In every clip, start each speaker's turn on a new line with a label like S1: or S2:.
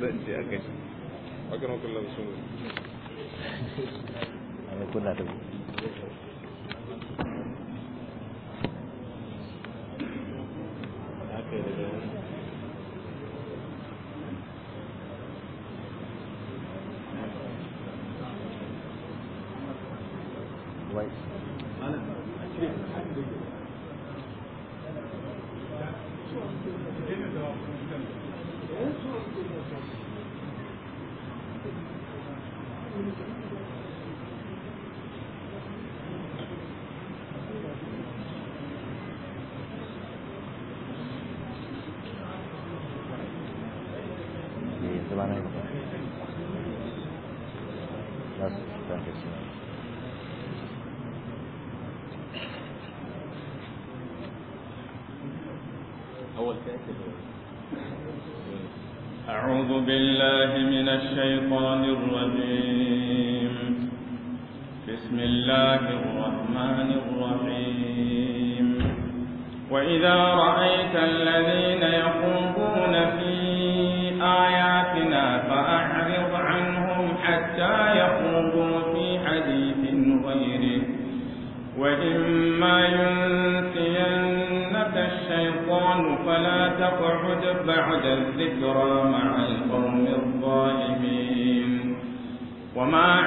S1: zan ce
S2: a ne
S3: بالله من الشيطان الرجيم بسم الله الرحمن الرحيم وإذا رأيت الذين يخوضون في آياتنا فأعرض عنهم حتى يخوضوا في حديث غيره وإما ينسينك الشيطان فلا تقعد بعد الذكرى معه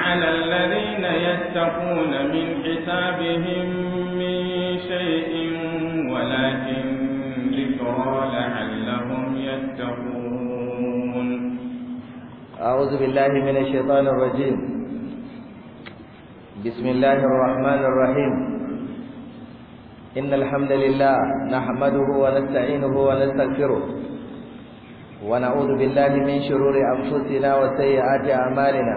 S3: على الذين يتقون من حسابهم من شيء ولكن ذكرى لعلهم يتقون
S2: أعوذ بالله من الشيطان الرجيم بسم الله الرحمن الرحيم إن الحمد لله نحمده ونستعينه ونستغفره ونعوذ بالله من شرور أنفسنا وسيئات أعمالنا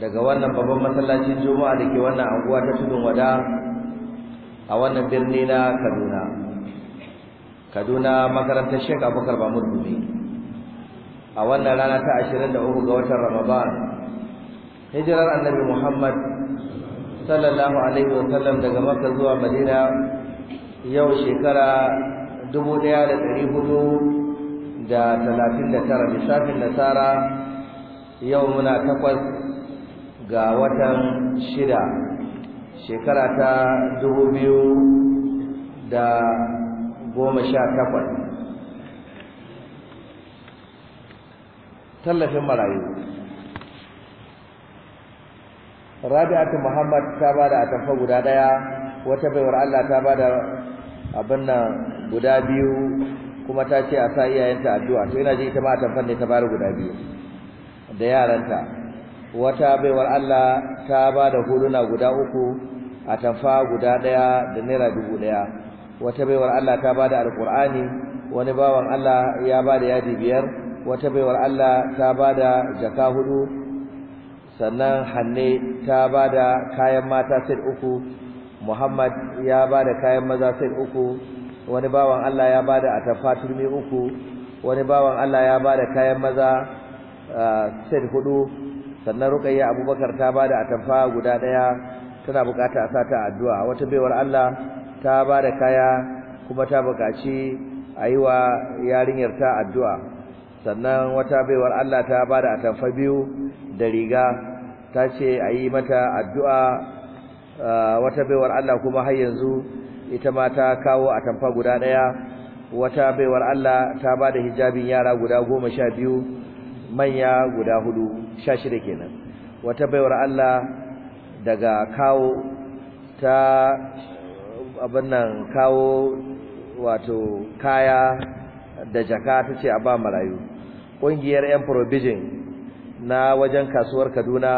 S2: daga wannan babban masallacin juma'a da ke wannan anguwa ta tudun wada a wannan birni na kaduna kaduna makarantar shek abubakar mahmud dumi a wannan rana ta ashirin da uku ga watan ramadan hijirar annabi muhammad sallallahu alaihi wasallam daga makka zuwa madina yau shekara dubu ɗaya da ɗari hudu da talatin da tara lissafin nasara yau muna takwas ga watan shida shekara ta dubu biyu da goma sha takwas tallafin marayu rabi'atu muhammad ta ba da atamfa guda daya wata baiwar Allah ta bada abin nan guda biyu kuma ta ce a sa iyayenta addu'a to ina ji ita ma atamfan ne ta bada guda biyu da yaranta wata baiwar Allah ta ba da huluna guda uku a tafa guda daya da naira dubu daya wata baiwar Allah ta ba da alkur'ani wani bawan Allah ya ba da yadi biyar wata baiwar Allah ta ba da jaka hudu sannan hanne ta ba da kayan mata sai uku Muhammad ya ba da kayan maza sai uku wani bawan Allah ya ba da atafa turmi uku wani bawan Allah ya ba da kayan maza ah, sai hudu sannan ruqayya abubakar ta bada atamfa guda daya tana bukata a sata addu'a wata baiwar Allah ta bada kaya kuma ta bukaci wa yarinyar ta addu'a sannan wata baiwar Allah ta bada atamfa biyu da riga ta ce ayi mata addu'a ah, wata baiwar Allah kuma har yanzu ita ma ta kawo atamfa guda daya wata baiwar Allah ta bada hijabin yara guda goma sha biyu. manya guda hudu sha shida kenan wata baiwar Allah daga kawo ta abin kawo wato kaya da jaka ta ce a ba marayu ƙungiyar 'yan provision na wajen kasuwar kaduna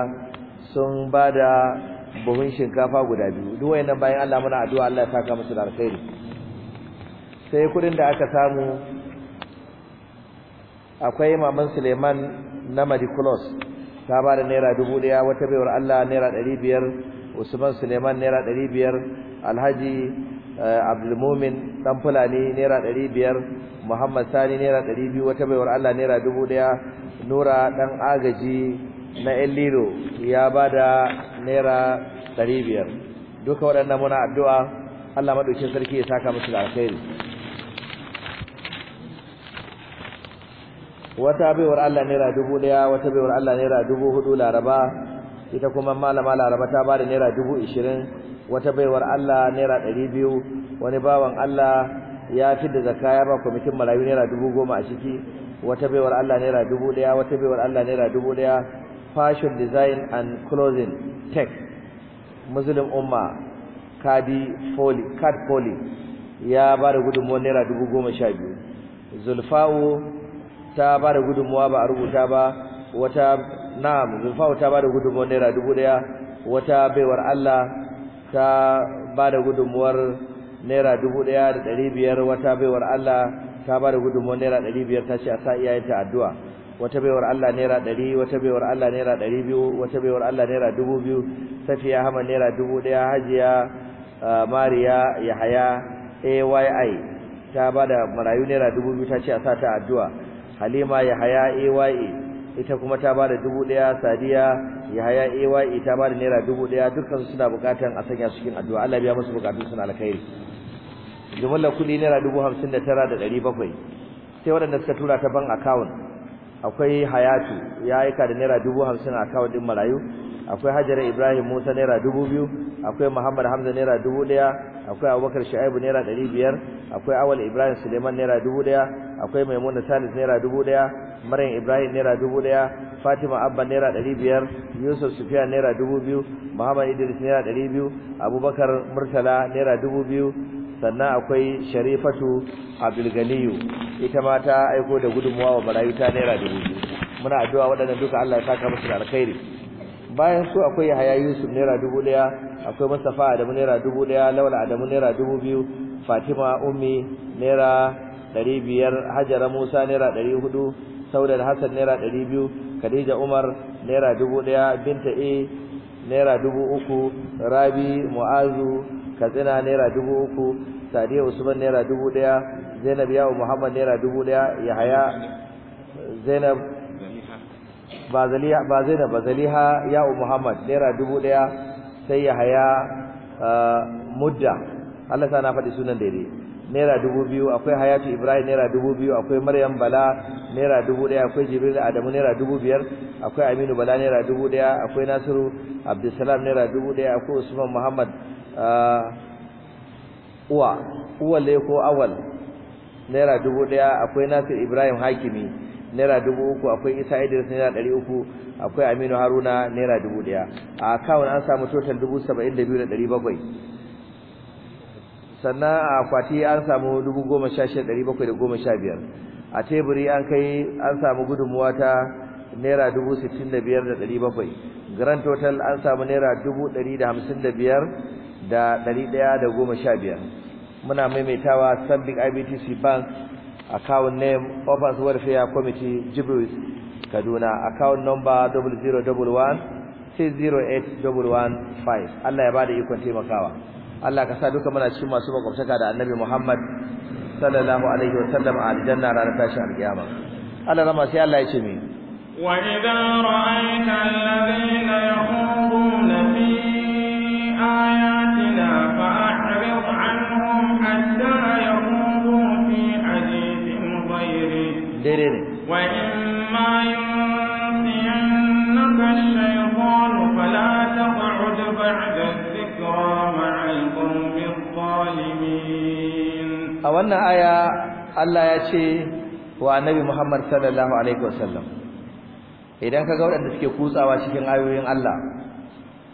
S2: sun ba da buhun shinkafa guda biyu duwai nan bayan Allah muna addu'a Allah ya saka musu da alkhairi sai kudin da aka samu akwai maman Suleiman na Madikulos ta ba da naira dubu daya wata baiwar Allah naira ɗari biyar Usman Suleiman naira ɗari biyar Alhaji eh, Abdulmumin ɗan Fulani naira ɗari biyar Muhammad Sani naira ɗari biyu wata baiwar Allah naira dubu daya Nura ɗan agaji na el-lilo ya ba da naira ɗari biyar duka waɗannan muna addu'a Allah maɗaukin sarki ya saka musu da alkhairi wata baiwar Allah naira dubu daya wata baiwar Allah naira dubu hudu laraba ita kuma malama laraba ta bada naira dubu ishirin wata baiwar Allah naira dari biyu wani bawan Allah ya fi da zakka ya ba kwamitin marayu naira dubu goma a ciki wata baiwar Allah naira dubu daya wata baiwar Allah naira dubu daya fashion design and clothing tech muslim umma kadi foli kad foli ya bada da gudunmuwar naira dubu goma sha biyu zulfawo ta ba da gudunmuwa ba a rubuta ba wata na'am zulfa ta ba da gudunmuwar naira dubu daya wata baiwar Allah ta ba da gudunmuwar naira dubu daya da ɗari biyar wata baiwar Allah ta ba da gudunmuwar naira ɗari biyar ta ce a sa iyayenta addu'a wata baiwar Allah naira ɗari wata baiwar Allah naira ɗari biyu wata baiwar Allah naira dubu biyu safiya hama naira dubu daya hajiya ah, mariya yahaya ayi ta ba da marayu naira dubu biyu ta ce a sa ta addu'a halima yahaya aye ita kuma ta bada dubu daya sadiya yahaya aye ta bada naira dubu daya dukkan su suna bukatan a sanya su cikin addu'a Allah ya musu bukatun su na alkhairi jumlar kudi naira bakwai sai wadanda suka tura ta ban account akwai hayatu ya aika da naira dubu a account ɗin marayu akwai hajjar Ibrahim Musa naira biyu akwai Muhammad Hamza naira daya akwai Abubakar Shaibu naira biyar akwai Awal Ibrahim Suleiman naira daya akwai Maimuna Salis naira daya Maryam Ibrahim naira daya Fatima Abba naira biyar Yusuf Sufiya naira biyu Muhammad Idris naira biyu Abubakar Murtala naira biyu sannan akwai Sharifatu Abdulganiyu ita ma ta aiko da gudunmuwa wa marayu ta naira biyu muna addu'a waɗannan duka Allah ya saka musu da alkhairi bayan su akwai Yahaya Yusuf naira dubu ɗaya akwai Mustapha Adamu naira dubu ɗaya Laula Adamu naira dubu biyu Fatima Ummi naira ɗari biyar Hajara Musa naira ɗari hudu saudar Hassan naira ɗari biyu Khadija Umar naira dubu ɗaya Binta A naira dubu uku Rabi Mu'azu Katsina naira dubu uku Sadiya Usman naira dubu ɗaya Zainab Yawo Muhammad naira dubu ɗaya Yahaya Zainab ba zaliya ba zainab ba ya muhammad naira dubu daya sai ya haya uh, mudda Allah sana faɗi sunan daidai naira dubu biyu akwai hayatu ibrahim naira dubu biyu akwai maryam bala naira dubu daya akwai jibril adamu naira dubu biyar akwai aminu bala naira dubu daya akwai nasiru abdulsalam naira dubu daya akwai usman muhammad uh, uwa uwa ko awal naira dubu daya akwai nasir ibrahim hakimi naira dubu uku akwai isa idris naira ɗari uku akwai aminu haruna naira dubu ɗaya a akawun an samu total dubu saba'in da biyu da ɗari bakwai sannan a akwati an samu dubu goma sha shida ɗari bakwai da goma sha biyar a teburi an kai an samu gudunmuwa ta naira dubu sittin da biyar da ɗari bakwai grand total an samu naira dubu ɗari da hamsin da biyar da ɗari ɗaya da goma sha biyar muna maimaitawa stanbic ibtc bank account name Orphans Welfare Committee Jibril Kaduna account number 0011608115 Allah ya bada ikon taimakawa Allah ka sa duka muna cikin masu makwabtaka da Annabi Muhammad sallallahu alaihi wasallam a aljanna ranar tashin alkiyama Allah rama sai Allah ya ce mi
S3: وإذا رأيت الذين يخوضون في آياتنا فأعرض عنهم حتى يخوضوا daidai ne wa imma yunsiyannaka ash-shaytanu fala taq'ud ba'da dhikra ma'al qawmi a wannan aya Allah ya
S2: ce wa annabi Muhammad sallallahu alaihi wasallam idan ka kaga waɗanda suke kutsawa cikin ayoyin Allah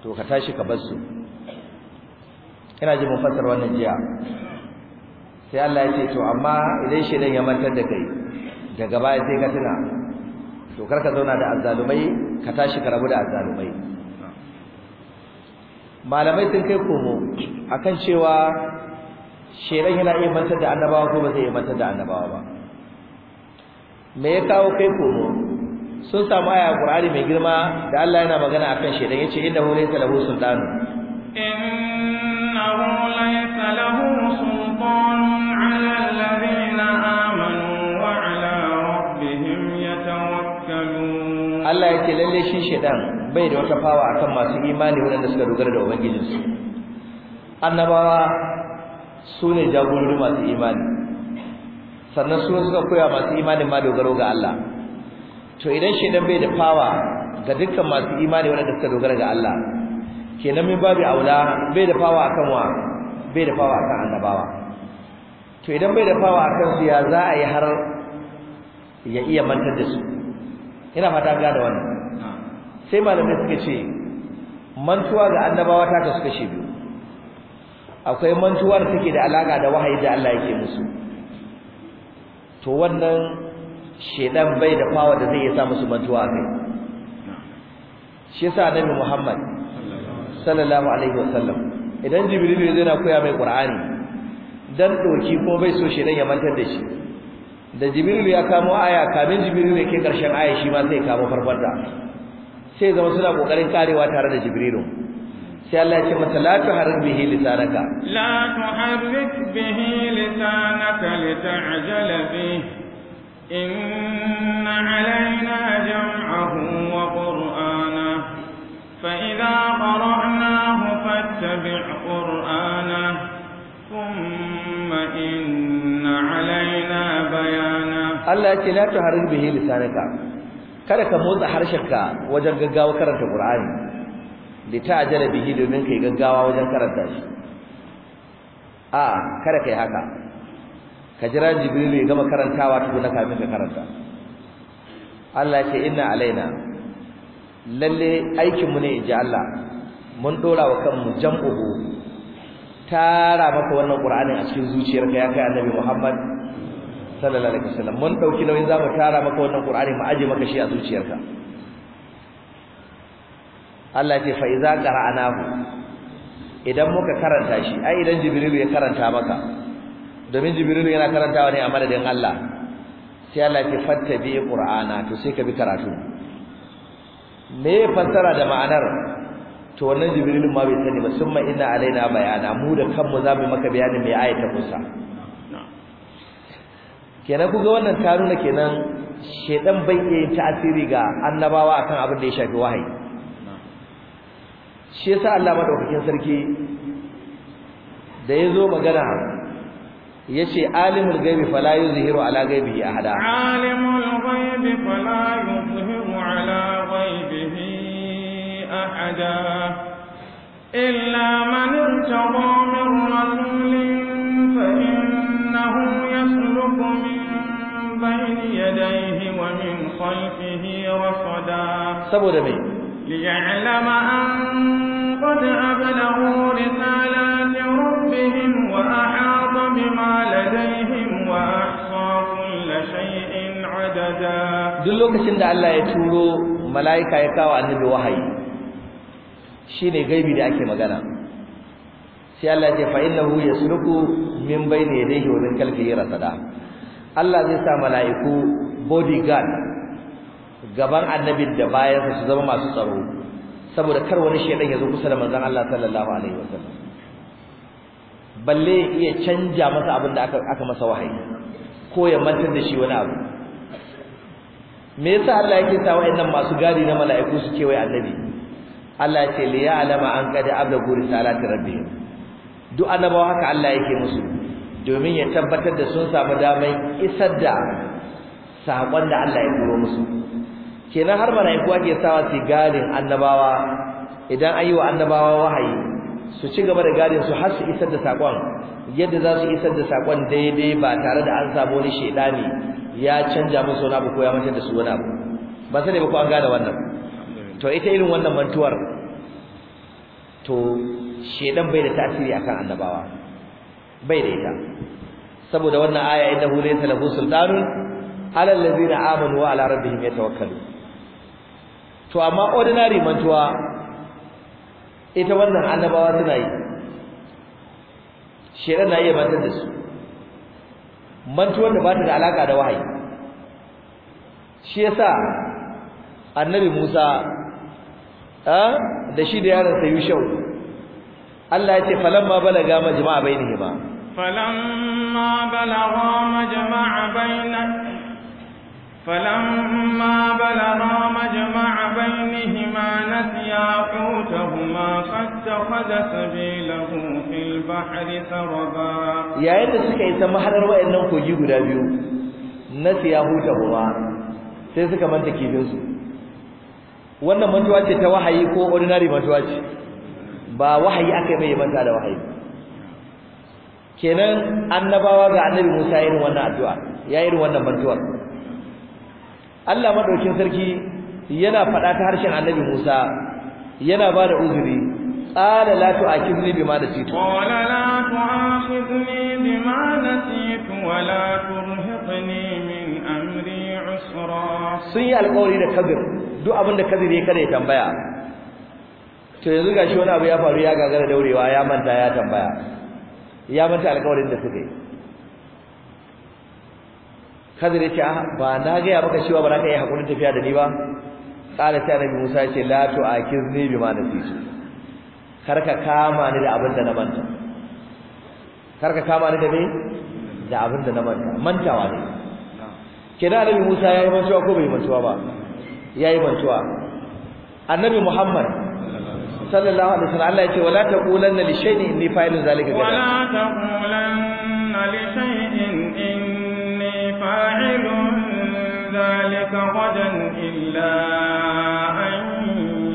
S2: to ka tashi ka bar su ina ji mun fassara wannan jiya sai Allah ya ce to amma idan shedan ya mantar da kai daga baya sai ka tuna to kar ka zauna da azzalumai ka tashi ka rabu da azzalumai malamai sun kai komo akan cewa shedan yana iya mantar da annabawa ko ba zai iya mantar da annabawa ba me ya kawo kai komo sun samu aya Qur'ani mai girma da Allah yana magana akan shedan yace hu laysa lahu sultanu
S3: hu laysa lahu sultanu 'ala alladhina Allah ya ce lalle shi shedan
S2: bai da wata fawa akan masu imani wanda suka dogara da ubangijinsu annabawa su ne jagorori masu imani sannan su suka koya masu imani ma dogaro ga Allah to idan shedan bai da fawa ga dukkan masu imani wanda suka dogara ga Allah kenan mai babu aula bai da fawa akan wa bai da fawa akan annabawa to idan bai da fawa akan su ya za a yi har ya iya mantar da su ina fata ga da wannan sai malamai suka ce mantuwa ga annabawa ta kasu kashe biyu akwai mantuwar take da alaka da wahayi da Allah yake musu to wannan shedan bai da fawa da zai sa musu mantuwa kai shi yasa annabi Muhammad sallallahu alaihi wasallam idan jibril ya zo yana koya mai qur'ani dan doki ko bai so shedan ya mantar da shi da jibril ya kamo aya kamin jibril yake karshen aya shi ma sai kamo farfarta sai zama suna kokarin karewa tare da jibrilu sai Allah ya ce mata la tuharrik bihi lisanaka
S3: la tuharrik bihi lisanaka lita'jala bi inna alaina jam'ahu wa qur'ana fa idha qara'nahu fattabi' qur'ana ثم
S2: إن علينا بيانا الله يقول لا تحرك به لسانك kada ka motsa harshenka wajen gaggawa karanta Qur'ani da ta'ajala bihi domin kai gaggawa wajen karanta shi a kada kai haka ka jira Jibril ya gama karantawa tukuna kafin ka karanta Allah ya ce inna alaina lalle aikinmu ne ji Allah mun dora wa kanmu jam'uhu tara maka wannan qur'anin a cikin zuciyarka ya kai annabi muhammad sallallahu alaihi wasallam mun dauki nauyin zamu tara maka wannan qur'ani mu aje maka shi a zuciyarka Allah ya ce fa iza qara'nahu idan muka karanta shi ai idan jibrilu ya karanta maka domin jibrilu yana karantawa ne a madadin Allah sai Allah ya ce fattabi qur'ana to sai ka bi karatu me fassara da ma'anar to wannan jibrilin ma bai sani ba summa inna alaina bayana mu da kanmu za mu maka bayani mai ayata kusa kenan ku ga wannan karuna kenan shedan bai yi tasiri ga annabawa akan abin da ya shafi wahayi shi yasa Allah madaukakin sarki da yazo magana yace alimul ghaibi fala yuzhiru ala ghaibihi ahada
S3: alimul ghaibi fala yuzhiru ala ghaibihi أحدا إلا من ارتضى من رسول فإنه يسلك من بين يديه ومن خلفه رصدا سبو ليعلم أن قد أبلغوا رسالات ربهم وأحاط بما لديهم وأحصى كل شيء
S2: عددا duk lokacin da Allah ya turo mala'ika ya kawo annabi wahayi shine gaibi da ake magana sai Allah ya fa innahu yasluku min bayni yadayhi wa min khalfihi rasada Allah zai sa mala'iku bodyguard gaban annabin da bayan su zama masu tsaro saboda kar wani shedan ya zo kusa da manzon Allah sallallahu alaihi wasallam balle iya canja masa abin da aka aka masa wahayi ko ya mantar da shi wani abu me yasa Allah yake sa wa'annan masu gadi na mala'iku su ce wai annabi Allah ce li alama an qad ablagu risalati rabbih duk annabawa haka Allah yake musu domin ya tabbatar da sun samu damai isar da sakon da Allah ya turo musu kenan har malaiku ake sawa su gadin annabawa idan ayi wa annabawa wahayi su ci gaba da gadin su har su isar da sakon yadda za su isar da sakon daidai ba tare da an samu wani shedani ya canja musu wani abu ko ya mutar da su wani abu ba sai ba ku an gane wannan to ita irin wannan mantuwar to shedan bai da tasiri akan annabawa bai da ita saboda wannan aya innahu laysa lahu sultanun ala allazina amanu wa ala rabbihim yatawakkalu to amma ordinary mantuwa ita wannan annabawa suna yi shedan na iya mantar da su mantuwar da ba ta da alaka da wahayi shi yasa annabi Musa da shi da yaran sai yushau Allah ya ce falamma balaga majma'a ba
S3: falamma balaga majma'a bainihima
S1: فلما بلغا مجمع بينهما نسيا
S3: حوتهما فاتخذ sabilahu fil البحر
S2: سربا يا يد suka yi ta mahadar wayannan kogi guda biyu nasiya hutahuma sai suka manta kifin su wannan mantuwa ce ta wahayi ko ordinary mantuwa ce ba wahayi aka yi manta da wahayi kenan annabawa ga annabi Musa yayin wannan addu'a yayin wannan mantuwa Allah madaukin sarki yana faɗa ta harshen annabi Musa yana ba da uzuri qala la tu'akhidni bima nasitu qala
S3: la tu'akhidni bima nasitu wa la turhiqni min sun yi alƙawari da
S2: kabir duk abin da kabir ya kada ya tambaya to yanzu gashi wani abu ya faru ya gagara daurewa ya manta ya tambaya ya manta alƙawarin da suka yi kabir ya ce ba na gaya maka cewa ba na kai hakurin tafiya da ni ba qala ta nabi Musa ya ce la ma bima nasitu karka kama ni da abin da na manta karka kama ni da me da abin da na manta mantawa ne kenan annabi Musa ya yi mantuwa ko bai mantuwa ba ya yi mantuwa annabi Muhammad sallallahu alaihi wasallam Allah ya ce wala taqulanna li shay'in inni fa'ilun zalika gadan wala
S3: taqulanna li shay'in inni fa'ilun zalika gadan illa an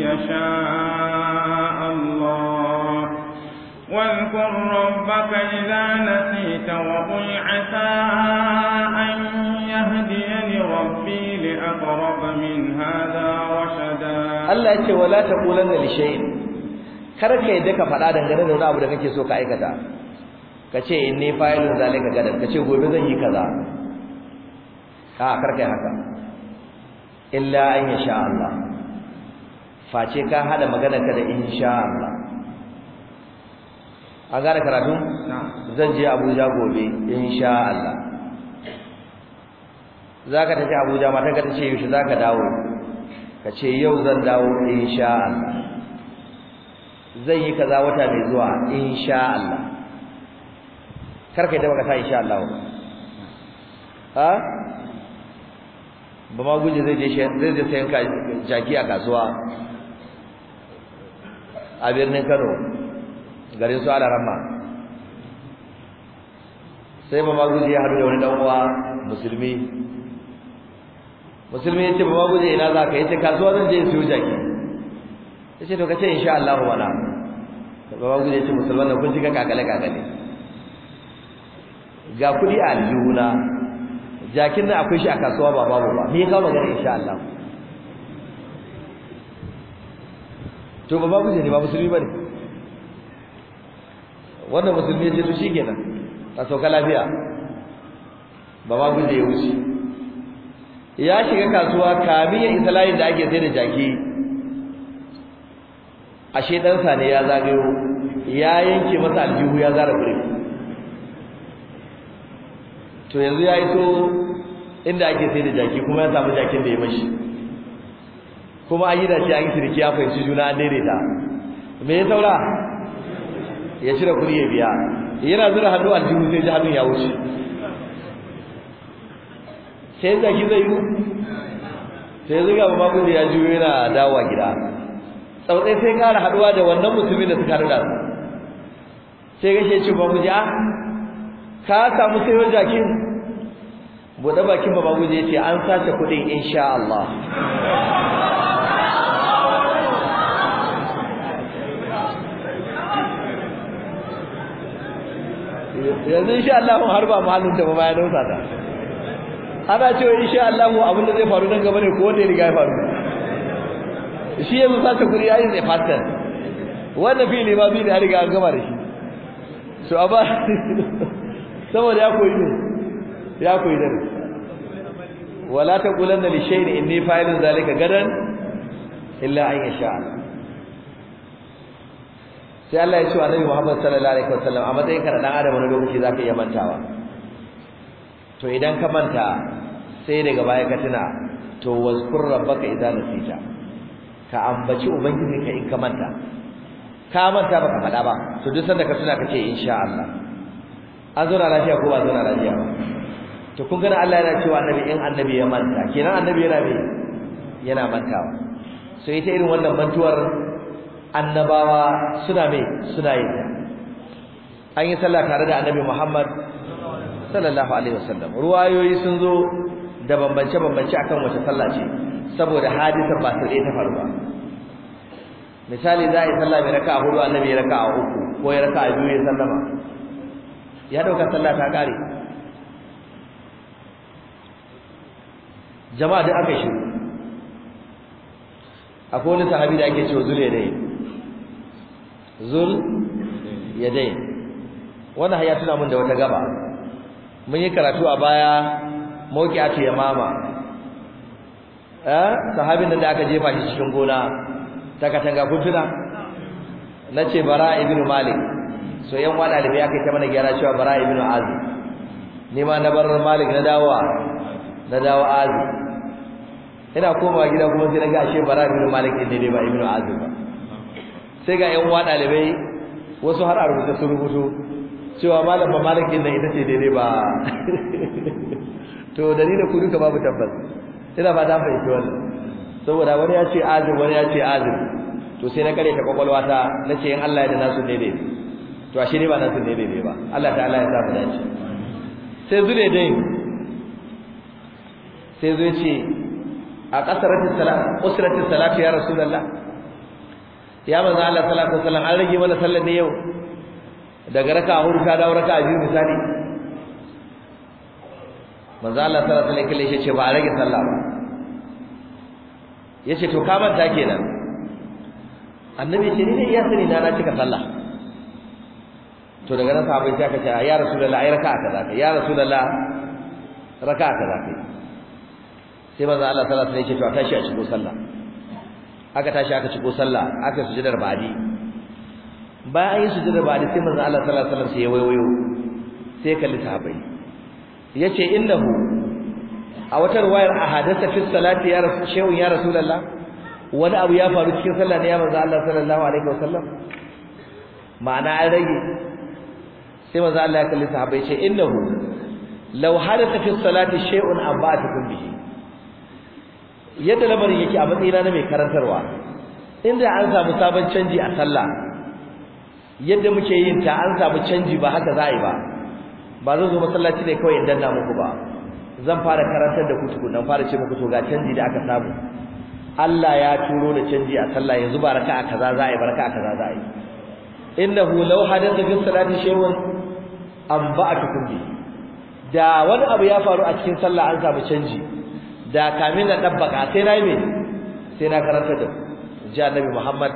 S3: yasha واذكر ربك إذا نسيت وقل عسى أن يهديني ربي لأقرب من هذا رشدا الله يقول ولا تقولن لشيء
S2: kada ka yadda ka faɗa dangane da wani abu da kake so ka aikata ka ce in ne fayilin zalika gadar ka ce gobe zan yi kaza a karka yi haka illa an yasha Allah face ka hada magana ka da insha Allah a gane karatun zan je abuja gobe insha Allah za ka tafi abuja mata ka tafi yaushe za ka dawo ka ce yau zan dawo insha Allah zan yi kaza wata mai zuwa insha Allah kar ka yi baka sa insha Allah ha ba ma guje zai je zai je sayan jaki a kasuwa a birnin Kano garin su ala ramma sai ba maguji ya haɗu da wani ɗan'uwa musulmi musulmi ya ce ba maguji ina za ka yi ce kasuwa zan je su jaki ya ce to ka ce insha Allah wala ba maguji ya ce musulman nan kun ka kakale kakale ga kuɗi a aljihuna jakin nan akwai shi a kasuwa ba babu ba me ka kawo magana insha Allah to ba maguji ne ba musulmi ba ne wanda musulmi ce to shikenan a sauka lafiya ba ba guje ya wuce ya shiga kasuwa kamin ya isa layin da ake sai da jaki ashe ɗansa ne ya zagayo ya yanke masa aljihu ya zara kure to yanzu ya yi to inda ake sai da jaki kuma ya samu jakin da ya mashi kuma an yi da shi an yi sirki ya fahimci juna an daidaita me ya saura ya cire kudi ya biya yana zura hannu aljihu sai ji hannun ya wuce sai zaki zai yi
S1: sai zuga Babu mako ya juyo
S2: yana dawowa gida tsautsai sai kara haduwa da wannan musulmi da suka rada sai gashe shi ba muje ah, ka samu sayo jakin bude bakin ji ya ce an sace kudin insha Allah
S1: yanzu insha Allah mun harba mahallin da ba
S2: ya dausa ta ana cewa insha Allah mu abin da zai faru nan gaba ne ko wanda ya riga ya faru shi yanzu ta kuri yayin zai fasta wannan fili ma bi ne ya riga an gaba da shi so amma saboda ya koyi ne ya koyi da wala taqulanna li shay'in inni fa'ilun zalika gadan illa an Allah sai Allah ya ce wa Annabi Muhammad sallallahu alaihi wasallam a matsayin ka dan adam wani lokaci zaka iya mantawa to idan ka manta sai daga baya ka tuna to wazkur rabbaka idza nasita ka ambaci ubangiji ka in ka manta ka manta baka faɗa ba to duk sanda ka tuna kace insha Allah an zauna lafiya ko ba zauna lafiya ba to kun ga Allah yana cewa annabi in annabi ya manta kenan annabi yana me yana mantawa Sai ita irin wannan mantuwar annabawa suna mai suna yin an yi sallah tare da annabi Muhammad sallallahu alaihi wasallam ruwayoyi sun zo da bambance bambance akan wace sallah ce saboda hadisan ba su ta faru ba misali za a yi sallah mai raka'a hudu annabi ya raka'a uku ko ya raka'a biyu ya sallama ya dauka sallah ta kare jama'a da aka shi akwai wani sahabi da ake cewa zule yi zul yadai wannan ya tuna mun da wata gaba mun yi karatu a baya mawqi'atu yamama eh sahabin da aka jefa shi cikin gona ta katanga kun tuna nace bara ibnu malik so yan wada da bai ta mana gyara cewa bara ibnu azi ni ma na bar malik na dawowa na dawo azi ina komawa gida kuma sai na ga ashe bara ibnu malik ne dai ba ibnu azi ba sai ga yan uwa dalibai wasu har a rubuta su rubutu cewa malam ba malakin nan ita ce daidai ba to dalilin ku duka babu tabbas ina ba ta fahimci wannan saboda wani ya ce azim wani ya ce azim to sai na kare ta kwakwalwa ta nace in Allah ya da nasu daidai to ashe ne ba nasu daidai ne ba Allah ta Allah ya samu dace sai zure dai sai zo ce a kasaratin salat usratin salat ya rasulullah ya manzo Allah sallallahu alaihi wasallam an rage mana sallar ne yau daga raka hudu ta dawo raka biyu misali manzo Allah sallallahu alaihi wasallam ya ce ba a rage sallah ba yace to ka manta kenan annabi ce ni ne iya sani na na cika sallah to daga nan sahabbai sai aka ce ya rasulullah ai raka ka zaka ya rasulullah raka ka zaka sai manzo Allah sallallahu alaihi wasallam ya ce to tashi a cikin sallah aka tashi aka ci ko sallah aka sujudar ba'di bayan yin sujudar ba'di sai manzo Allah sallallahu alaihi wasallam sai ya wayo sai ya kalli sahabbai yace innahu a wata wayar, ahadatha fi salati ya rasul shehu ya rasulullah wani abu ya faru cikin sallah ne ya manzo Allah sallallahu alaihi wasallam ma'ana an rage sai manzo Allah ya kalli sahabbai ce innahu law hadatha fi salati shay'un abatukum bihi yadda lamarin yake a matsayina na mai karantarwa inda an samu sabon canji a sallah yadda muke yin ta an samu canji ba haka za a yi ba ba zan zo masallaci ne kawai in danna muku ba zan fara karantar da ku tukunan fara ce muku to ga canji da aka samu Allah ya turo da canji a sallah yanzu ba raka'a kaza za a ba raka'a kaza za a yi innahu law da fi salati shay'un anba'atukum bi da wani abu ya faru a cikin sallah an samu canji da kamin na ka sai nayi me sai na karanta da ji annabi Muhammad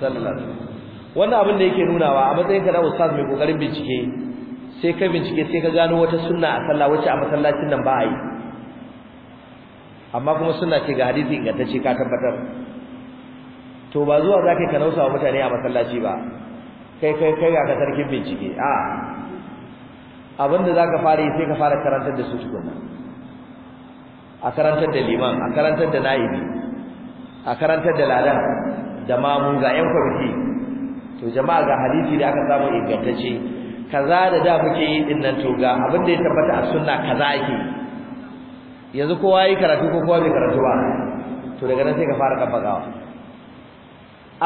S2: sallallahu alaihi wasallam wannan abin da yake nunawa a matsayin ka da ustaz mai kokarin bincike sai ka bincike sai ka gano wata sunna a sallah wacce a masallacin nan ba a yi amma kuma sunna ce ga hadisi ingantacce ka tabbatar to ba zuwa zakai ka nausa wa mutane a masallaci ba kai kai kai ga ka sarkin bincike a abinda zaka fara yi sai ka fara karantar da su tukunna a karantar da liman a karantar da na'ibi a karantar da ladan da mun ga yan kwamiti to jama'a ga hadisi da aka samu ingantacce kaza da da muke yi din nan to ga abin da ya tabbata a sunna kaza ake yanzu kowa yi karatu ko kowa bai karatu ba to daga nan sai ka fara gawa.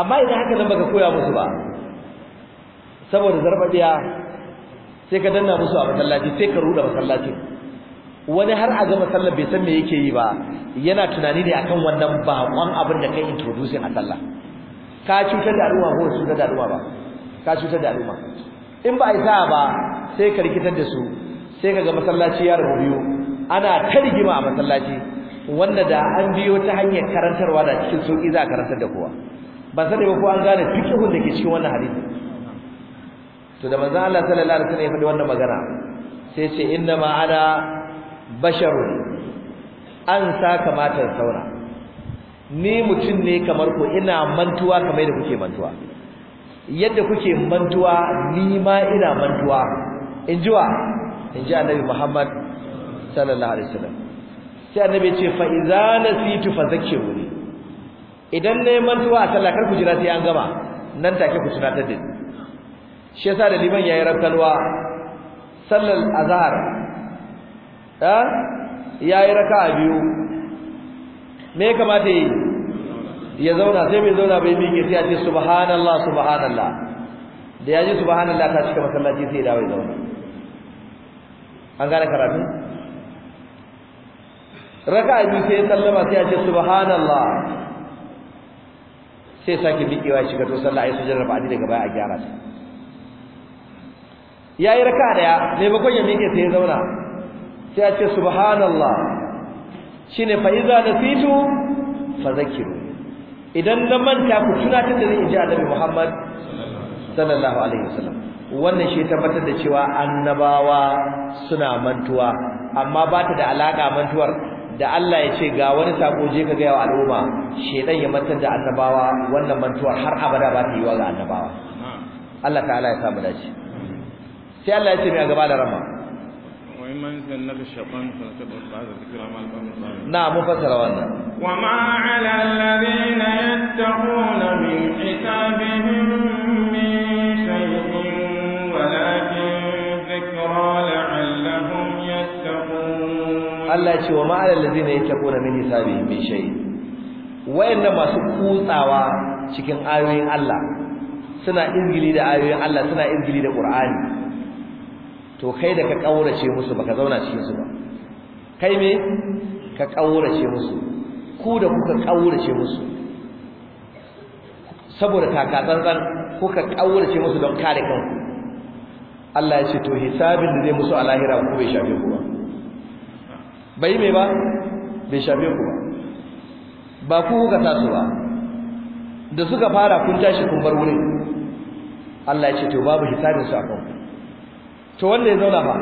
S2: amma idan haka nan baka koya musu ba saboda zarbaɗiya sai ka danna musu a masallaci sai ka ruda masallacin wani har a gama sallar bai san me yake yi ba yana tunani ne akan wannan bakon abin da kai introducing a sallah ka cutar da al'umma ko cutar da al'umma ba ka cutar da al'umma in ba a yi sa'a ba sai ka rikitar da su sai ka ga masallaci ya rubu biyu ana ta rigima a masallaci wanda da an biyo ta hanyar karantarwa da cikin sauki za a karantar da kowa ba sai ba ko an gane fiqhun da ke cikin wannan hadisi to da manzon Allah sallallahu alaihi wasallam ya faɗi wannan magana sai ce inna ma ana basharun an sa kamatar saura ni mutum ne kamar ku ina mantuwa kamar da kuke mantuwa yadda kuke mantuwa ni ma ina mantuwa in ji wa in ji annabi muhammad sallallahu alaihi wasallam sai annabi ce fa iza nasitu fazakkiruni idan ne mantuwa a sallah kar ku jira sai an gama nan take ku tunatar da ni shi yasa da liman yayi rakkalwa sallal azhar eh yayi raka'a biyu me ya kamata yi ya zauna sai mai zauna bai miƙe sai ya ce subhanallah subhanallah da ya ji subhanallah ta cika masallaci sai ya dawo ya zauna an gane karatu raka'a biyu sai ya sallama sai ya ce subhanallah sai sake miƙewa shiga to sallah ayi sujjar ba'di daga baya a gyara shi yayi raka'a daya maimakon ya miƙe sai ya zauna sai ya ce subhanallah shine fa iza nasitu fadhakiru idan na manta ku tunatar da ni inji annabi Muhammad sallallahu alaihi wasallam wannan shi tabbatar da cewa annabawa suna mantuwa amma ba ta da alaka mantuwar da Allah ya ce ga wani sako je ka gaya wa al'umma shedan ya mantar da annabawa wannan mantuwar har abada ba ta yi wa ga annabawa Allah ta'ala ya samu dace sai Allah ya ce mai gaba da rama
S3: na mun fassara wannan wa ma na alladhina yattaquna min hisabihim min shay'in walakin dhikra la'allahum yattaqun Allah ce wa ma 'ala alladhina
S2: yattaquna min hisabihim min shay'in wayannan masu kutsawa cikin ayoyin Allah suna izgili da ayoyin Allah suna izgili da Qur'ani to kai da ka kaurace musu baka zauna cikin su ba kai me ka kaurace musu ku da kuka kaurace musu saboda takatsantsan kuka kaurace musu don kare kanku Allah ya ce to hisabin da zai musu a lahira ku bai shafe ku ba bai me ba bai shafe ku ba ba ku kuka tasu ba da suka fara kun tashi kun bar wurin Allah ya ce to babu hisabin su a kanku to wanda ya zauna ba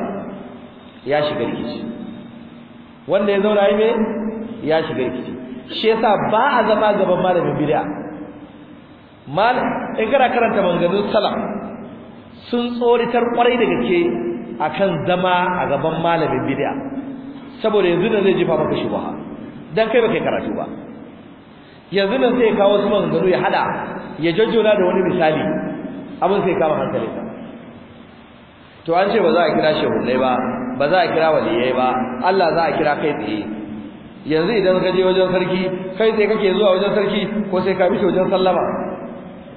S2: ya shiga rikici wanda ya zauna ime ya shiga rikici shi yasa ba a zama gaban malamin bid'a mal in kana karanta manganun Salam sun tsoritar kwarai da gaske akan zama a gaban malamin bid'a saboda yanzu da zai jefa maka shubha dan kai baka karatu ba yanzu nan sai ya kawo su maganganu ya hada ya jajjona da wani misali abin sai kama hankalinka to an ce ba za a kira shehunai ba ba za a kira waliyai ba Allah za a kira kai tsaye yanzu idan ka je wajen sarki kai tsaye kake zuwa wajen sarki ko sai ka bi wajen sallama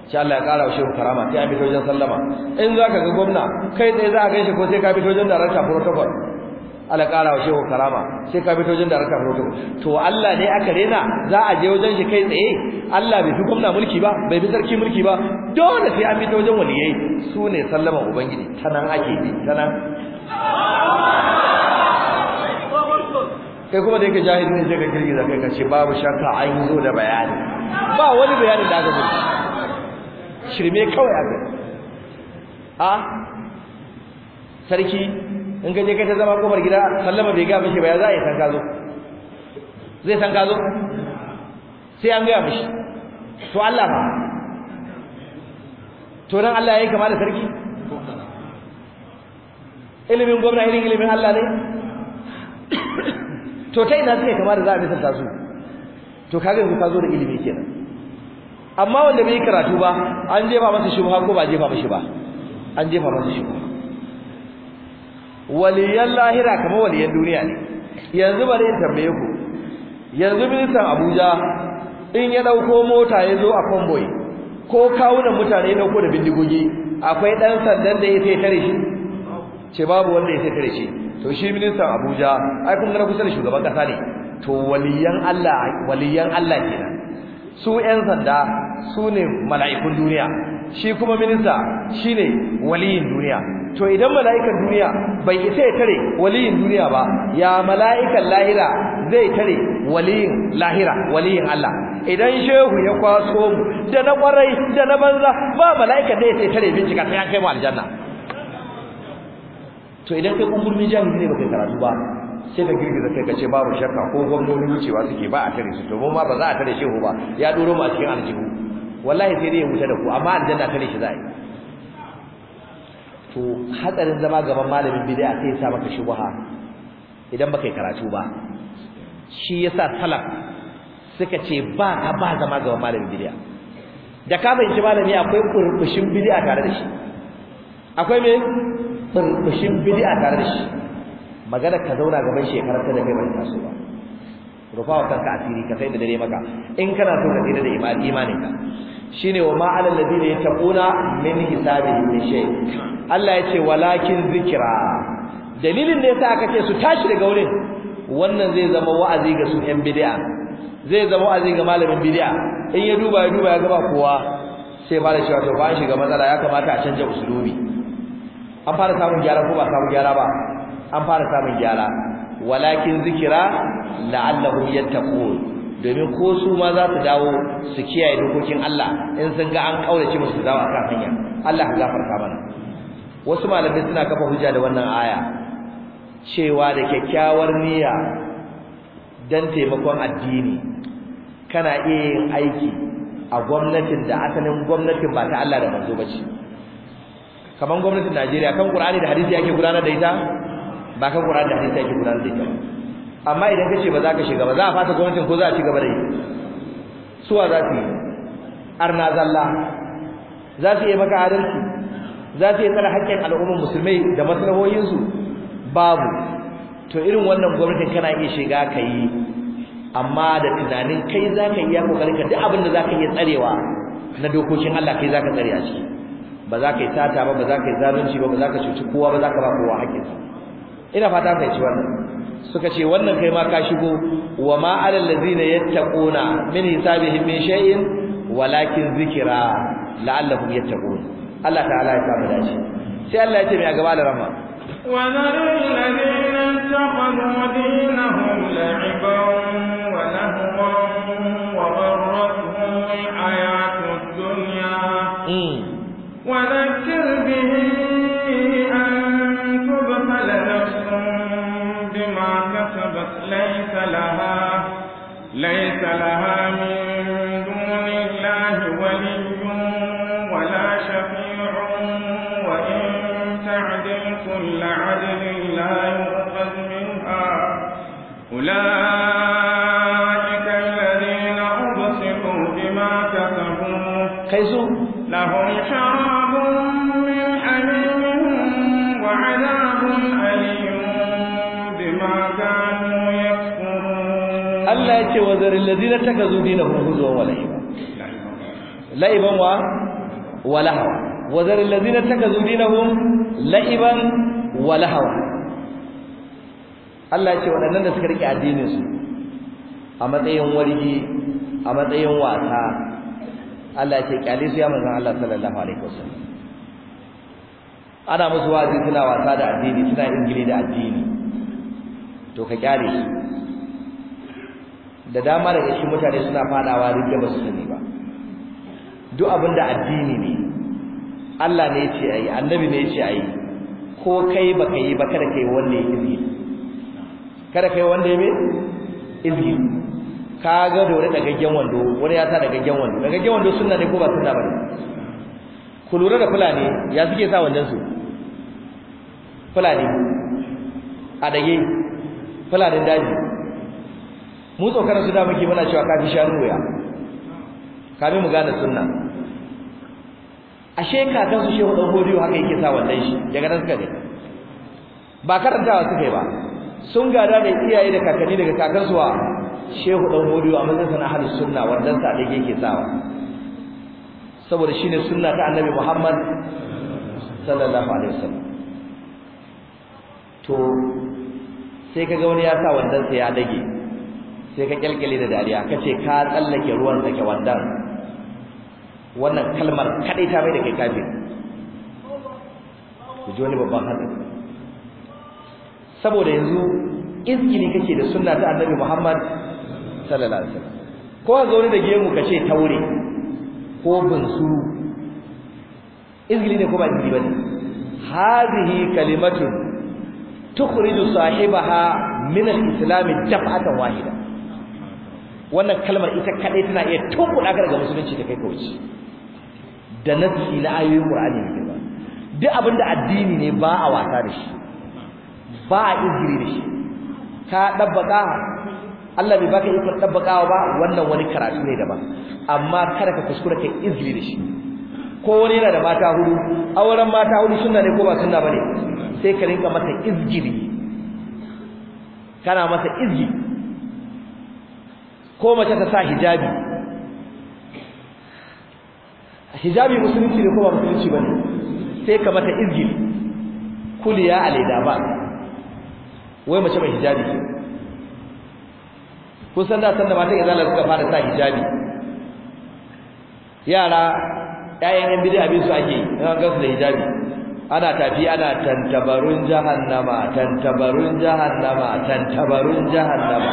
S2: Sha Allah ya kara shehu karama sai a bi wajen sallama in za ka ga gwamna kai tsaye za a gaishe ko sai ka bi wajen darakta protocol ala kara wa shehu karama sai ka fito jin da aka roto to Allah ne aka rena za a je wajen shi kai tsaye Allah bai fi gwamna mulki ba bai fi sarki mulki ba dole sai an fito wajen waliyai su ne sallama ubangiji tanan ake bi tanan kai kuma da yake jahili ne sai ka girgiza kai ka ce babu shakka an yi zo da bayani ba wani bayani da aka zo shirme kawai aka a ah? sarki in ka je kai ta zama kofar gida sallama bai ga mishi ba ya za a yi san ka zo zai san ka zo sai an gaya mishi to Allah ba to nan Allah ya yi kama da sarki ilimin gwamna irin ilimin Allah ne to ta ina suka kama da za a bisa tasu to kaga yanzu ka zo da ilimi kenan amma wanda bai karatu ba an jefa masa shubha ko ba jefa mishi ba an jefa masa shubha waliyan lahira kamar waliyan duniya ne yanzu bari in tambaye ku yanzu ministan Abuja in ya dauko mota ya zo a convoy ko kawunan mutane ya ko da bindigogi akwai dan sandan da ya tare shi ce babu wanda ya tare shi to shi ministan Abuja ai kun gara kusa da shugaban kasa ne to waliyan Allah waliyan Allah ne su yan sanda su ne mala'ikun duniya shi kuma minista shine waliyin duniya to idan mala'ikan duniya bai isa ya tare waliyin duniya ba ya mala'ikan lahira zai tare waliyin lahira waliyin Allah idan shehu ya kwaso mu da na kwarai da na banza ba mala'ikan da ya tare bincika sai an kai mu aljanna to idan kai gurbin jami'i ne baka karatu ba sai da girgiza kai kace babu shakka ko gwamnoni wucewa suke ba a tare su to ma ba za a tare shehu ba ya duro mu a cikin aljihu wallahi sai dai ya wuce da ku amma aljanna tare shi za a yi to hatsarin zama gaban malamin bid'a sai ya sa maka shubha idan baka yi karatu ba shi yasa salaf suka ce ba ka ba zama gaban malamin bid'a da ka bayyana malami akwai kurbushin bid'a tare da shi akwai me kurbushin a tare da shi magana ka zauna gaban shekarar ta da kai ba ta so ba rufa wa kanka asiri ka sai da dare maka in kana so ka tsira da imani ka shine wa ma alal ladina yataquna min hisabihi min shay Allah ya ce walakin zikra dalilin da yasa aka ce su tashi daga wurin wannan zai zama wa'azi ga su yan bid'a zai zama wa'azi ga malamin bid'a in ya duba ya duba ya gaba kowa sai fara cewa wato ba shiga matsala ya kamata a canja usulubi an fara samun gyara ko ba samun gyara ba an fara samun gyara walakin zikira la'allahum yattaqun domin ko su ma za su dawo su kiyaye dokokin Allah in sun ga an kaurace musu dawo akan hanya Allah ya gafarta mana wasu malamai suna kafa hujja da wannan aya cewa da kyakkyawar niyya dan taimakon addini kana iya yin aiki a gwamnatin da asalin gwamnatin ba ta Allah da manzo bace kaman gwamnatin Najeriya kan Qur'ani da hadisi yake gudanar da ita ba kan Qur'ani da hadisi yake gudanar da ita amma idan ka ce ba za ka shiga ba za a fata gwamnatin ko za a ci gaba da yi suwa za su yi arna zalla za su yi maka adalci za su yi tsara haƙƙin al'ummar musulmai da maslahohinsu babu to irin wannan gwamnatin kana iya shiga ka yi amma da tunanin kai za ka iya kokarin ka duk abin da za ka iya tsarewa na dokokin Allah kai za ka tsare a ciki ba za ka yi sata ba ba za ka yi zalunci ba ba za ka cuci kowa ba za ka ba kowa haƙƙinsa ina fata ka yi ci wannan suka ce wannan kai ma ka shigo wa ma alal ladzina yattaquna min hisabihim min shay'in walakin zikra la'allahum yattaqun Allah ta'ala ya samu dace sai Allah ya ce mai gaba da rama
S3: wa narul ladzina taqadu dinahum la'iban wa lahwan wa gharratuhum ayatud dunya hmm. wa dhakkir bihi لها من دون الله ولي ولا شفيع وإن تعدل كل عدل لا يؤخذ منها أولئك الذين أبصروا بما كسبوا لهم شراب
S2: ce wa zaril ladina takazu dinahum huzuwan wa la'iba la'iban wa wa lahawa wa zaril ladina takazu dinahum la'iban walahawa. Allah ce waɗannan da suka rike addininsu a matsayin wargi a matsayin wasa Allah ce kyale su ya manzon Allah sallallahu alaihi wasallam ana musu wazi suna wasa da addini suna ingili da addini to ka kyale su da dama daga cikin mutane suna fadawa ridda ba su sani ba duk abin da addini ne Allah ne yace ayi annabi ne yace ayi ko kai baka yi ba kada kai wanda yake izgi kada kai wanda yake izgi kaga da wani dagaggen wando wani ya sa gaggen wando gaggen wando sunna ne ko ba sunna ba ku lura da fulani ya suke sa wandan su fulani a dage fulanin daji mu tsokanar su da muke muna cewa kafi shanu ya kafi mu gane sunna ashe kakan su shehu dan godiyo haka yake sa wannan shi daga nan suka ne ba karantawa suka yi ba sun gada da iyaye da kakanni daga kakansu wa shehu dan godiyo a matsayin sana halin sunna wannan sa da yake sawa saboda shine sunna ta annabi Muhammad sallallahu alaihi wasallam to sai kaga wani ya sa wannan sai ya dage sai ka kyalkyale da dariya kace ka tsallake ruwan sake wandan wannan kalmar kadai ta bai da kai kafir ku ji wani babban hadari saboda yanzu izgili kake da sunna ta annabi Muhammad sallallahu alaihi wasallam ko ka zaune da gemu kace taure ko bunsuru izgili ne ko ba izgili bane hadhihi kalimatun tukhriju sahibaha min al-islam daf'atan wahida wannan kalmar ita kadai tana iya tunkuɗa ga daga musulunci ta kai ka wuce da nasi na ayoyin Qur'ani ne ba duk abin da addini ne ba a wasa da shi ba a izgiri da shi ka dabbaka Allah bai baka ikon dabbakawa ba wannan wani karatu ne daban amma kada ka kuskura kai izgiri da shi ko wani yana da mata hudu auren mata hudu sunna ne ko ba sunna bane sai ka rinka masa izgiri kana masa izgiri ko mace ta sa hijabi hijabi musulunci ne ko ba musulunci bane sai ka mata izgili kuliya alaida ba wai mace mai hijabi kun san da san da mata izala suka fara sa hijabi yara ƴaƴan yan bid'a abin su ake ran gansu da hijabi ana tafi ana tantabarun jahannama tantabarun jahannama tantabarun jahannama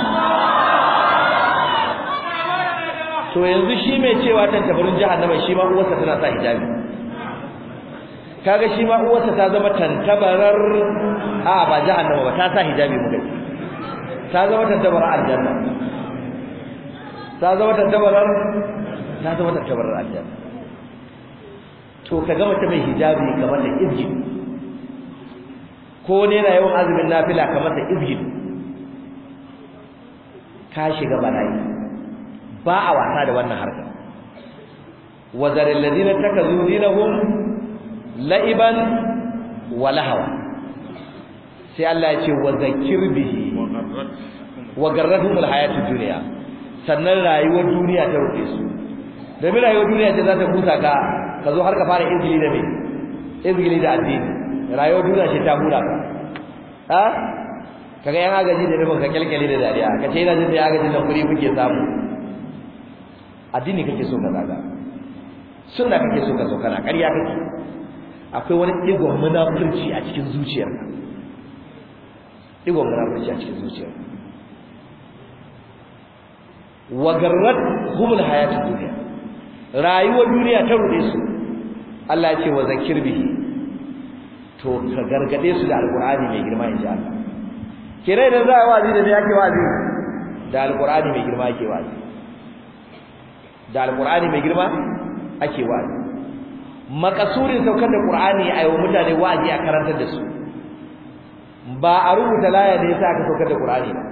S1: to yanzu shi mai cewa tan tabarin jahannama shi ma
S2: uwarsa tana sa hijabi kaga shi ma uwarsa ta zama tantabarar a ba jahannama ba ta sa hijabi gaji ta zama tantabarar aljanna ta zama tantabarar ta zama tantabarar aljanna to kaga ta mai hijabi kamar da izgin ko ne na yawan azumin nafila kamar da izgin ka shiga bala'i ba a wasa da wannan harka wa zaril ladina takazu dinahum la'iban wa lahaw sai Allah ya ce wa zakir bihi wa garrahum alhayatud dunya sannan rayuwar duniya ta rufe su da bi rayuwar duniya ce za ta kusa ka ka zo har ka fara izgili da me izgili da addini rayuwar duniya ce ta hura ka ha kaga yan agaji da ba ka kyalkyale da dariya ka ce ina jin da agajin da kuri kuke samu addini kake so ka zaga sunna kake so ka so kana ƙarya kake akwai wani digon munafurci a cikin zuciyar. digon munafurci a cikin zuciyarka wa garrat humul hayatud dunya rayuwar duniya ta rude su Allah ya ce wa zakir bihi to ka gargade su da alqur'ani mai girma inji Allah kire da za a wazi da me yake wazi da alqur'ani mai girma yake wazi da alqur'ani mai girma ake wa'azi makasurin saukar da qur'ani ayi wa mutane wa'azi a karantar da su ba a rubuta laya da yasa aka saukar da qur'ani ba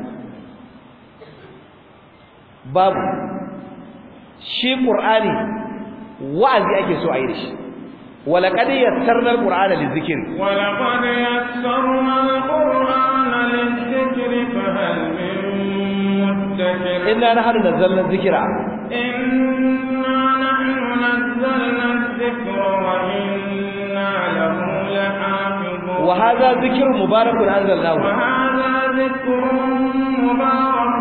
S2: babu shi qur'ani wa'azi ake so a yi da shi ولقد يسرنا القرآن للذكر ولقد
S3: يسرنا القرآن للذكر فهل من مدكر إنا نحن
S2: نزلنا الذكر
S3: وهذا ذكر مبارك أنزلناه وهذا ذكر مبارك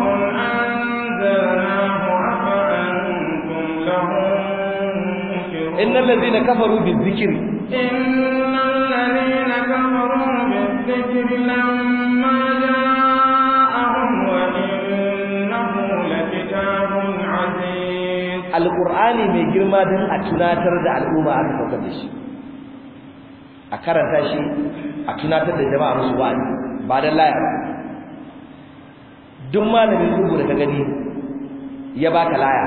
S3: أنزلناه أفأنتم له إن الذين
S2: كفروا بالذكر
S3: إن الذين كفروا بالذكر لما جاءوا
S2: Qur'ani mai girma don a tunatar da al'umma aka saukar da shi a karanta shi a tunatar da jama'a musu wa'azi ba don laya ba duk malamin rubu da ka gani ya baka laya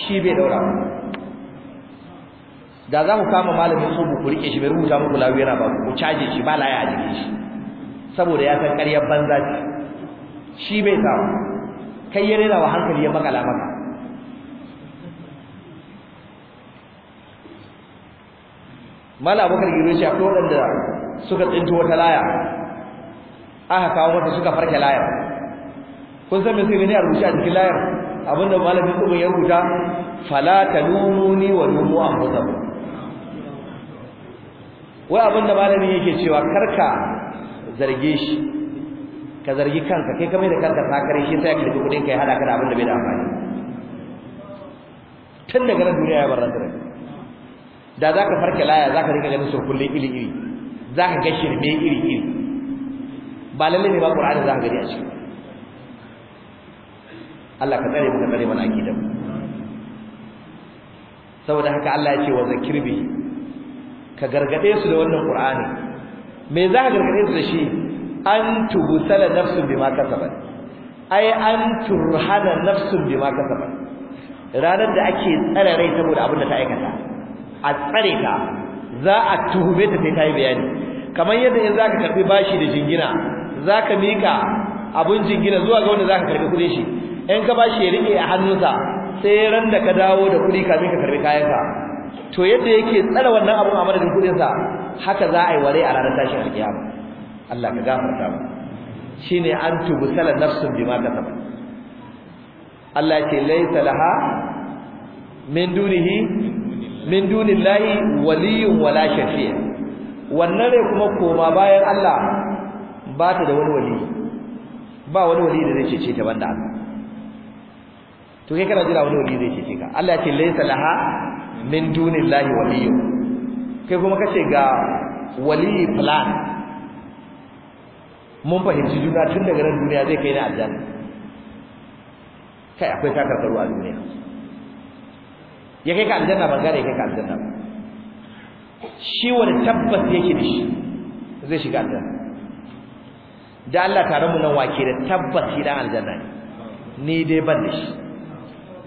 S2: shi bai daura da za ku kama malamin tsobo ku rike shi bai rubuta muku lawira ba ku caje shi ba laya a jikin shi saboda ya san karyar banza ce shi bai sa kai ya rera wa hankali ya makala maka mala abubakar giro shi akwai waɗanda suka tsinci wata laya aka kawo wata suka farke layar kun san me sai ne a rubuce a cikin layar abinda malamin tsibin ya rubuta fala ne wa lumu anfusakum wai abinda malamin yake cewa karka zarge shi ka zargi kanka kai kamar da kanka kare shi sai ka rubuta kudin kai hada ka da abinda bai da amfani tun daga nan duniya ya bar rantsar da zaka farke laya zaka rika ganin surkullin iri iri zaka ga shirme iri iri ba lalle ne ba Qur'ani zaka gani a ciki Allah ka tsare mu ka tsare mana akidan saboda haka Allah ya ce wa zakir bi ka gargade su da wannan Qur'ani me za ka gargade su da shi an tubusala nafsun bima kasabat ai an turhana nafsun bima kasabat ranar da ake tsare rai saboda abin da ta aikata a tsare ta za a tuhume ta sai ta yi bayani kamar yadda in ka karfi bashi da jingina za ka mika abun jingina zuwa ga wanda ka karfi kudin shi in ka bashi ya rike a hannunsa sai ran da ka dawo da kudi kafin ka karfi kayan ka to yadda yake tsare wannan abun a madadin kudinsa haka za a yi ware a ranar tashin alkiyama Allah ka gafarta mu shine an tubu sala nafsun bima kasaba Allah ce laysa laha min dunihi min dunillahi waliyun wala shafi'a wannan rai kuma koma bayan Allah ba ta da wani wali ba wani wali da zai cece ta banda Allah to kai kana jira wani wali zai cece ka Allah ya ce laysa laha min dunillahi waliyyun kai kuma kace ga wali plan mun fahimci juna tun daga nan duniya zai kai ni aljanna kai akwai takarkaru a duniya ya kai ka aljanna ba gare ya kai ka aljanna ba shi wani tabbas yake da shi zai shiga aljanna da Allah tare mu nan wake da tabbas shi dan aljanna ne ni dai ban da shi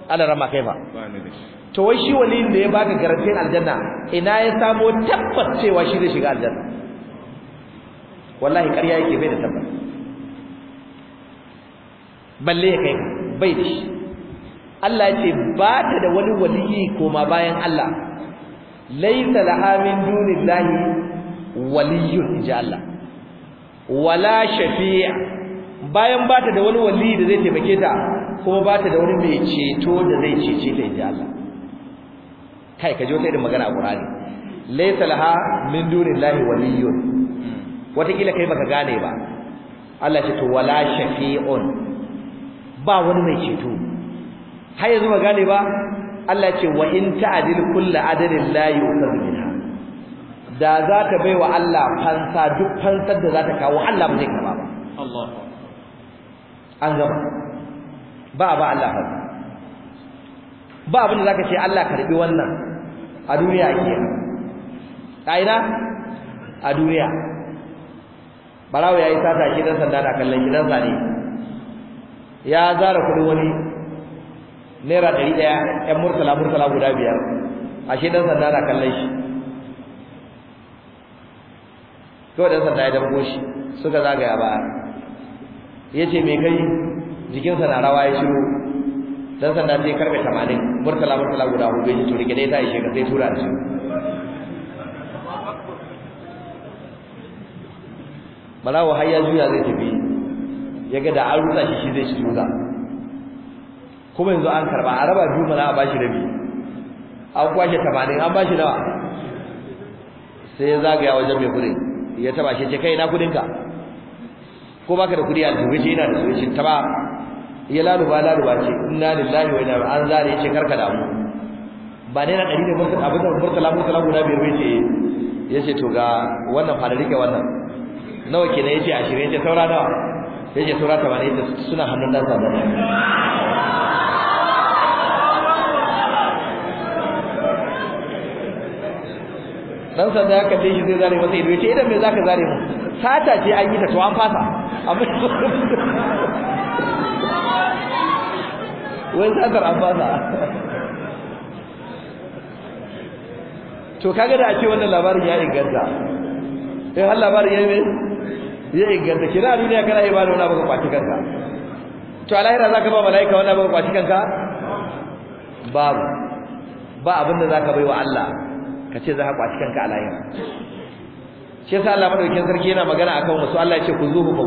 S2: Allah rama kai ba to wai shi wani da ya baka garantin aljanna ina ya samo tabbas cewa shi zai shiga aljanna wallahi ƙarya yake bai da tabbas balle ya kai bai da shi Allah ce ba ta da wani waliyi koma bayan Allah laysa laha min dunillahi waliyun ji Allah wala shafi'a bayan ba ta da wani waliyi da zai taimake ta kuma ba ta da wani mai ceto da zai cece ta inji Allah kai ka ji wata irin magana a Qur'ani laysa laha min dunillahi waliyun wata kila kai baka gane ba Allah ce to wala shafi'un ba wani mai ceto har yanzu ba gane ba Allah ce wa in ta'dil kullu adalin la yu'khadh minha da za ta baiwa Allah fansa duk fansar da za ta kawo Allah ba zai karba ba Allah an gaba ba ba Allah ba ba abin da zaka ce Allah karbi wannan a duniya ke a ina a duniya barawo yayi sata shi dan sanda da kallon gidansa ne ya zara kudin wani naira ɗari ɗaya ƴan murtala murtala guda biyar ashe ɗan sanda na kallon shi kawai ɗan sanda ya damko shi suka zagaya ba ya ce mai kai jikinsa na rawa ya shiru ɗan sanda sai karɓe tamanin murtala murtala guda hudu ya ce turi rike ta yi ka sai tura da shi balawo har ya juya zai tafi ya ga da an rusa shi shi zai shi tura kuma yanzu an karba a raba biyu mana a bashi rabi an kwashe tamanin an bashi nawa sai ya zagaya wajen mai kudin ya taba shi ce kai na kudinka ko baka da kudi a dubi ce ina da su shi taba ya laluba laluba ce inna lillahi wa inna an zare ce karka damu ba ne na dari da mutum abin da murtala murtala na biyar bai ce ya ce to ga wannan fara rike wannan nawa kenan ya ce ashirin ya ce saura nawa ya ce saura tamanin suna hannun dan sa dan sa da ka shi zai zare masa ido yace idan me zaka zare mu sata ce an yi ta to an fasa amma
S1: wai satar an fasa to kaga da ake wannan labarin ya
S2: inganta eh har labarin ya yi ya inganta kina duniya kana yi ba da wani abu ka kwaci kanka to a za zaka ba malaika wani abu ka kwaci kanka babu ba abin da zaka bai wa Allah ka ce za ka kwaci kanka a lahira shi yasa Allah madaukakin sarki yana magana akan so Allah ya ce ku zuhu fa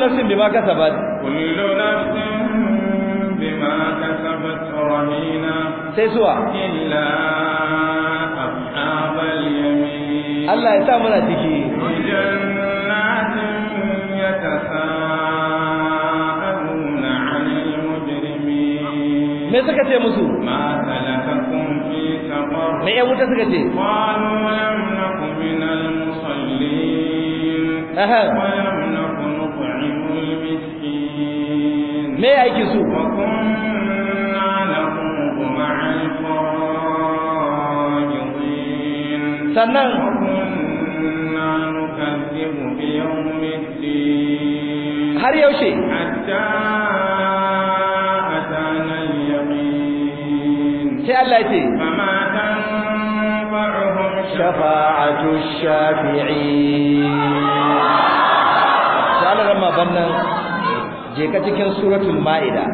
S2: nafsin bima kasabat kullu
S3: nafsin bima kasabat rahina sai suwa illa yamin Allah ya sa mana ciki jannatin yatasaaluna 'anil mujrimin me suka ce musu ma fi saqar me ya wuta suka ce qalu lam nakum minal musallin aha me aikin su sannan har yaushe sai Allah ce shafa'atu shafi'in
S2: sai bannan je ka cikin suratul maida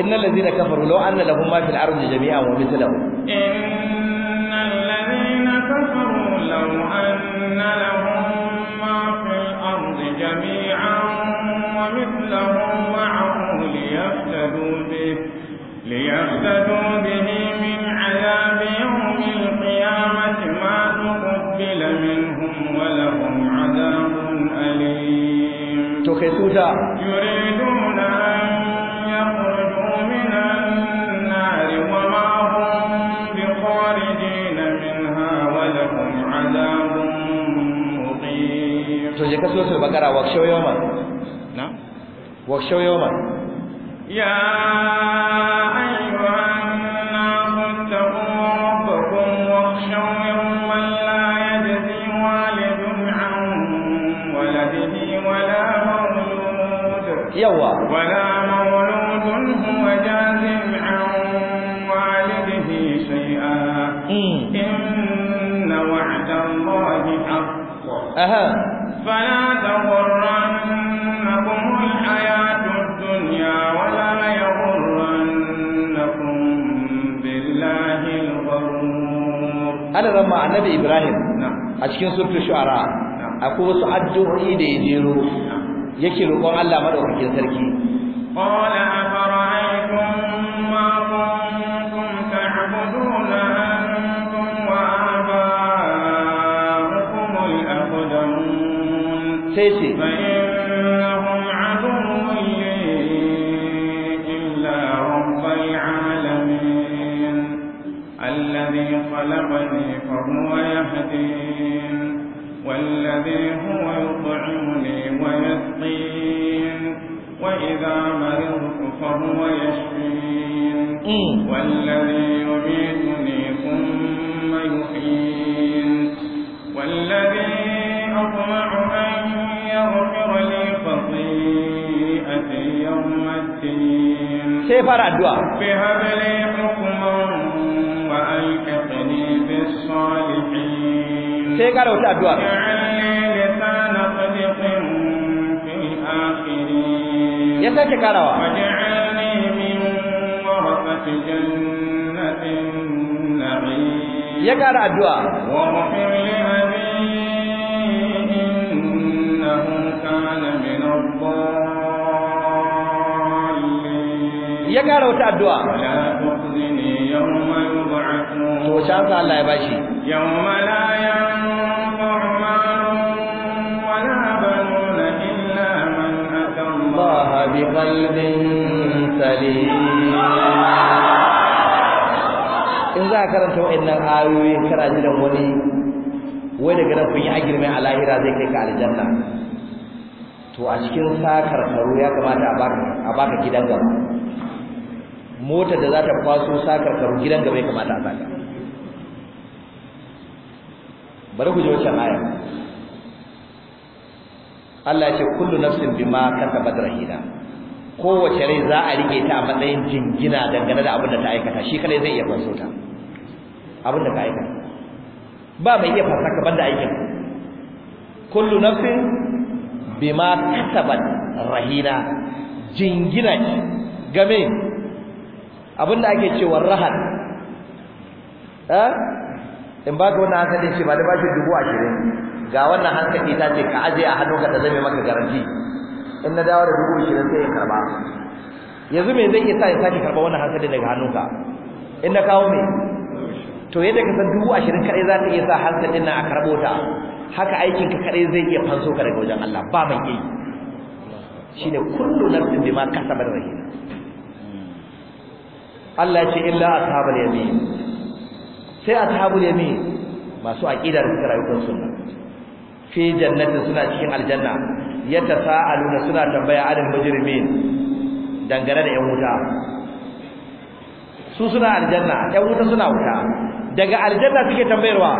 S2: innal ladzina kafaru law anna lahum ma fil ardi jami'an wa mithluhu
S3: innal ladzina kafaru law anna lahum ma fil ardi jami'an wa mithluhu liyaftadu bih liyaftadu
S2: to je kaso suratul baqara wa shawyaman na wa shawyaman
S3: ya ayyuhan nasu taqu rabbakum wa shawyaman la yajzi walidun an waladihi wala yawa wala wa'da allahi haqq aha ma annabi Ibrahim
S2: a cikin suratul shu'ara akwai wasu addu'o'i da ya jero yake roƙon Allah madaukakin sarki
S3: qala fara'aykum ma kuntum ta'buduna antum wa aba'ukum al-aqdamun sai sai خلقني فهو يهدين والذي هو يطعمني ويسقين وإذا مرضت فهو يشفين إيه. والذي يميتني ثم يحيين والذي أطمع أن يغفر لي خطيئتي يوم الدين سيفر الدعاء فهب لي حكما kara wata addu'a ya sake karawa ya kara addu'a ya kara wata addu'a to Allah ya bashi yawma la
S2: in za ka karanta wa'annan ayoyi kana jiran wani wai daga nan kun yi agirme a lahira zai kai ka aljanna to a cikin sakar karo ya kamata a baka gidan gaba motar da za ta kwaso sakar karo gidan gaba ya kamata a saka bari ku ji wancan aya Allah ya ce kullu nafsin bima kasabat rahina kowace rai za a rike ta a matsayin jingina dangane da abin da ta aikata shi kadai zai iya kwaso ta abin da ka aikata ba mai iya fasa ka banda aikin kullu nafsin bima kasabat rahina jingina ce game abin da ake cewa rahat eh in ba ka wannan hankali shi ba da ba shi dubu ashirin ga wannan hankali ta ce ka aje a hannu ka ta zame maka garanti in na dawo da dubu ishirin sai in karba yanzu me zai iya sa ya sake karba wannan hankali daga hannunka in na kawo me to yadda ka san dubu ashirin kaɗai za ta iya sa hankalin nan a karɓo ta haka aikinka kaɗai zai iya fanso ka daga wajen Allah ba mai yi ne kullu rufin bima kasabat rahi Allah ce illa ashabul yami, sai ashabul yami masu aqidar suka rayu kan sunna fi jannatin suna cikin aljanna nuna suna tambaya adal mujrimin dangane da yan wuta su suna aljanna yan wuta suna wuta daga aljanna suke tambayarwa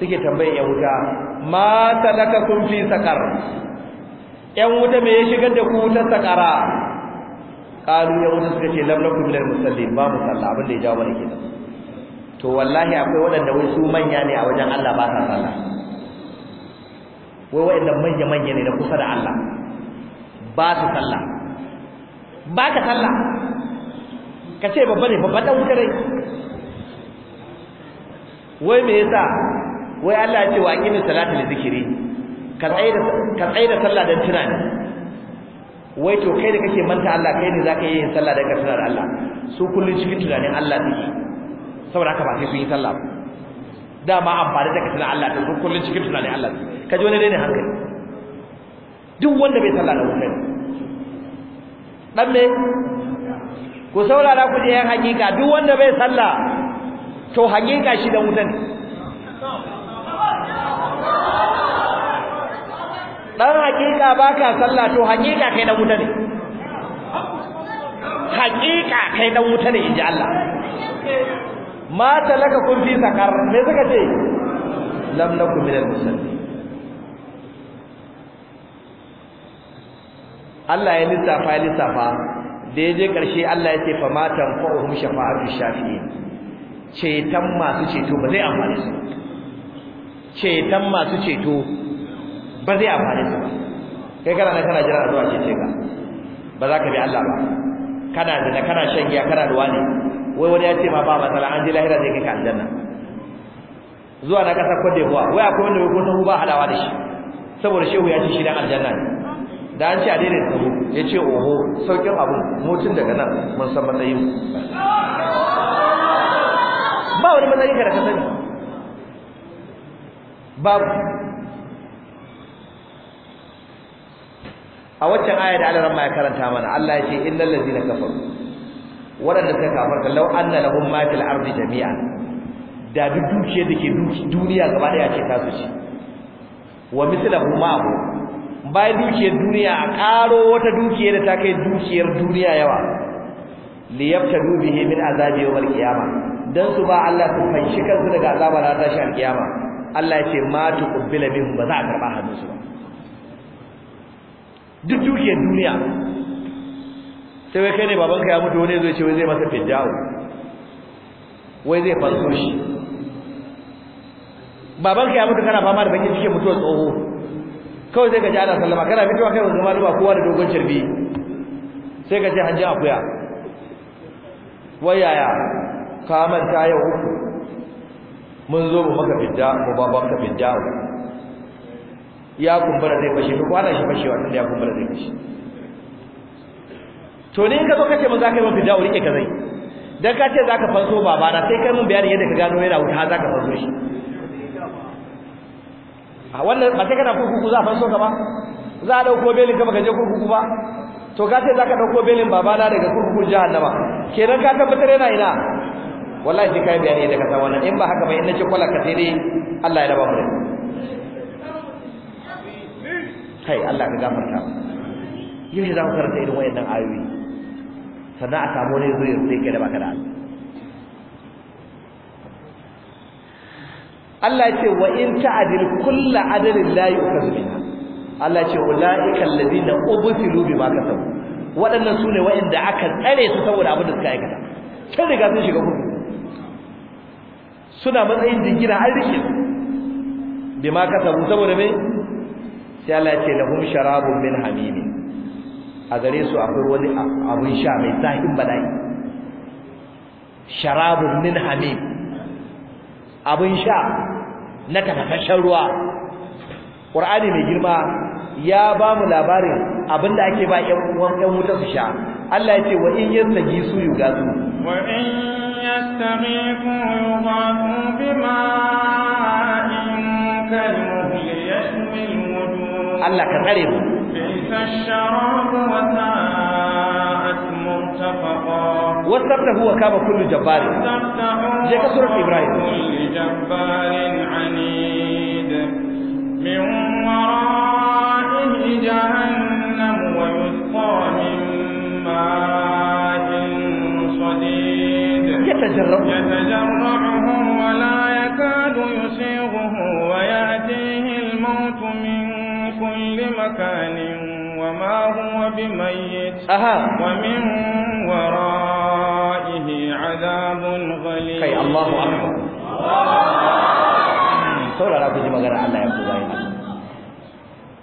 S2: suke tambayar yan wuta ma talakakum fi sakar. yan wuta me ya shigar da ku wutar sakara qalu yan wuta suka ce lam lakum minal musallin ba musalla abin da ya jawo mana kenan to wallahi akwai waɗanda wai su manya ne a wajen Allah ba sa sallah wai wayannan manya manya ne na kusa da Allah ba su sallah ba ka sallah ka ce babba ne babba ɗan wuta rai wai me yasa wai Allah ya ce wa aqimi salata da zikiri ka tsaye da da sallah dan tunani wai to kai da kake manta Allah kai ne zaka yi sallah da ka tunar Allah su kullum cikin tunanin Allah ne saboda haka ba sai sun yi sallah ba dama amfani da kitan Allah da kullun cikin tunanin Allah kaji wani dai ne hankali duk wanda bai sallah da wannan dan me ku saurara ku je hakika duk wanda bai sallah to hakika shi da wutan
S1: dan hakika baka sallah to hakika kai da wuta ne hakika kai da wuta ne inji Allah ma talaka kun fi
S2: sakar me suka ce lam nakum minal musallin Allah ya lissafa ya lissafa da ya je ƙarshe Allah ya ce fa ma tanfa'uhum shafa'atu shafi'in ceton masu ceto ba zai amfane su ceton masu ceto ba zai amfane su kai kana nan kana jira zuwa ce ka ba za ka bi Allah ba kana da kana shan giya kana da wani wai wani ya ce ma ba matsala an ji lahira zai kai ka aljanna zuwa na kasar Cote d'Ivoire wai akwai wanda ko tahu ba halawa da shi saboda shehu ya ce shi dan aljanna ne da an ce a daidai tsaro ya ce oho saukin abu mutum daga nan mun san matsayin ba wani matsayin ka da ka sani babu a waccan aya da Allah ya karanta mana Allah ya ce innal ladina kafaru waɗanda suka kafar law anna lahum ma fil ardi jami'a da duk dukiyar da ke duniya gaba daya ce ta su ci wa mislahu ma'ahu bayan dukiyar duniya a ƙaro wata dukiyar da ta kai dukiyar duniya yawa liyabtadu bihi min azabi yawmal qiyama dan su ba Allah su fanshi kansu daga azabar ta tashi alkiyama Allah ya ce ma tuqbila min ba za a karba su ba duk dukiyar duniya sai wai kai ne babanka ya mutu wani zai ce wai zai masa fiddawo wai zai fanso shi babanka ya mutu kana fama da bakin cikin mutuwar tsoho kawai sai ka ji ana sallama kana fitowa kai zama duba kowa da dogon cirbi sai ka ce hanji akuya wai yaya ka manta yau uku mun zo mu maka fidda mu babanka ya kumbura zai fashe ko ana shi fashewa tunda ya kumbura zai fashe to ne ka zo kace mun zaka yi mafi fidda rike ka zai dan ka ce zaka fanso babana sai kai mun bayani yadda ka gano yana wuta zaka fanso shi a wannan ba sai kana kurkuku za a fanso ka ba za a dauko belin ka baka je kurkuku ba to ka ce zaka dauko belin babana daga kurkukun jahannama kenan ka tabbatar yana ina wallahi sai kai bayani daga san wannan in ba haka ba in nace kwala ka sai dai Allah ya raba mu kai Allah ka gafarta yau za ku karanta irin wayannan ayoyi sannan a samu wani zuwa sai ka da baka da Allah Allah ya ce wa in ta'dil kullu adalin la yu'khadhu minha Allah ya ce ulaika alladhina ubthilu bima kasabu waɗannan sune waɗanda aka tsare su saboda abin da suka aikata sun riga sun shiga kudu suna matsayin jingina an rike su bima kasabu saboda me sai Allah ya ce lahum sharabun min hamim a gare su akwai wani abun sha mai zahin bala'i sharabun min hamim abun sha na tafashen ruwa qur'ani mai girma ya ba mu labarin abin da ake ba ƴan uwan wuta su sha Allah ya ce wa in gisu yi gasu
S3: wa in yastaghifu ya bima'in mai yashmi Allah ka tsare mu بئس الشراب وساءت مرتفقا واستفتحوا وكاب كل جبار جاك سورة إبراهيم كل جبار عنيد من ورائه جهنم ويسقى من ماء صديد يتجرعه ولا يكاد يسيغه ويأتيه مكان وما هو بميت أها ومن ورائه عذاب غليظ كي الله أكبر
S2: saurara ku ji maganar Allah ya kuwa yana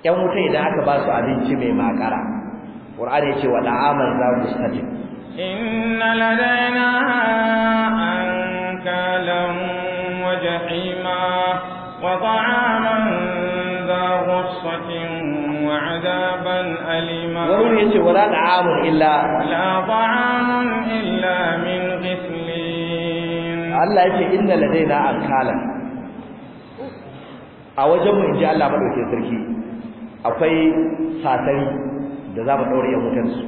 S2: yan wuta idan aka ba su abinci mai makara qur'ani ya ce wa da'aman za ku sadi inna ladaina
S3: ankalan wa jahima wa ta'aman za وعذابا أليما ومن يجي ولا طعام إلا لا طعام إلا من غسلين
S2: الله يجي إن لدينا أنكالا أوجب إن جاء الله من وكي تركي أفاي ساتري da نوري mu ɗaure yan wutansu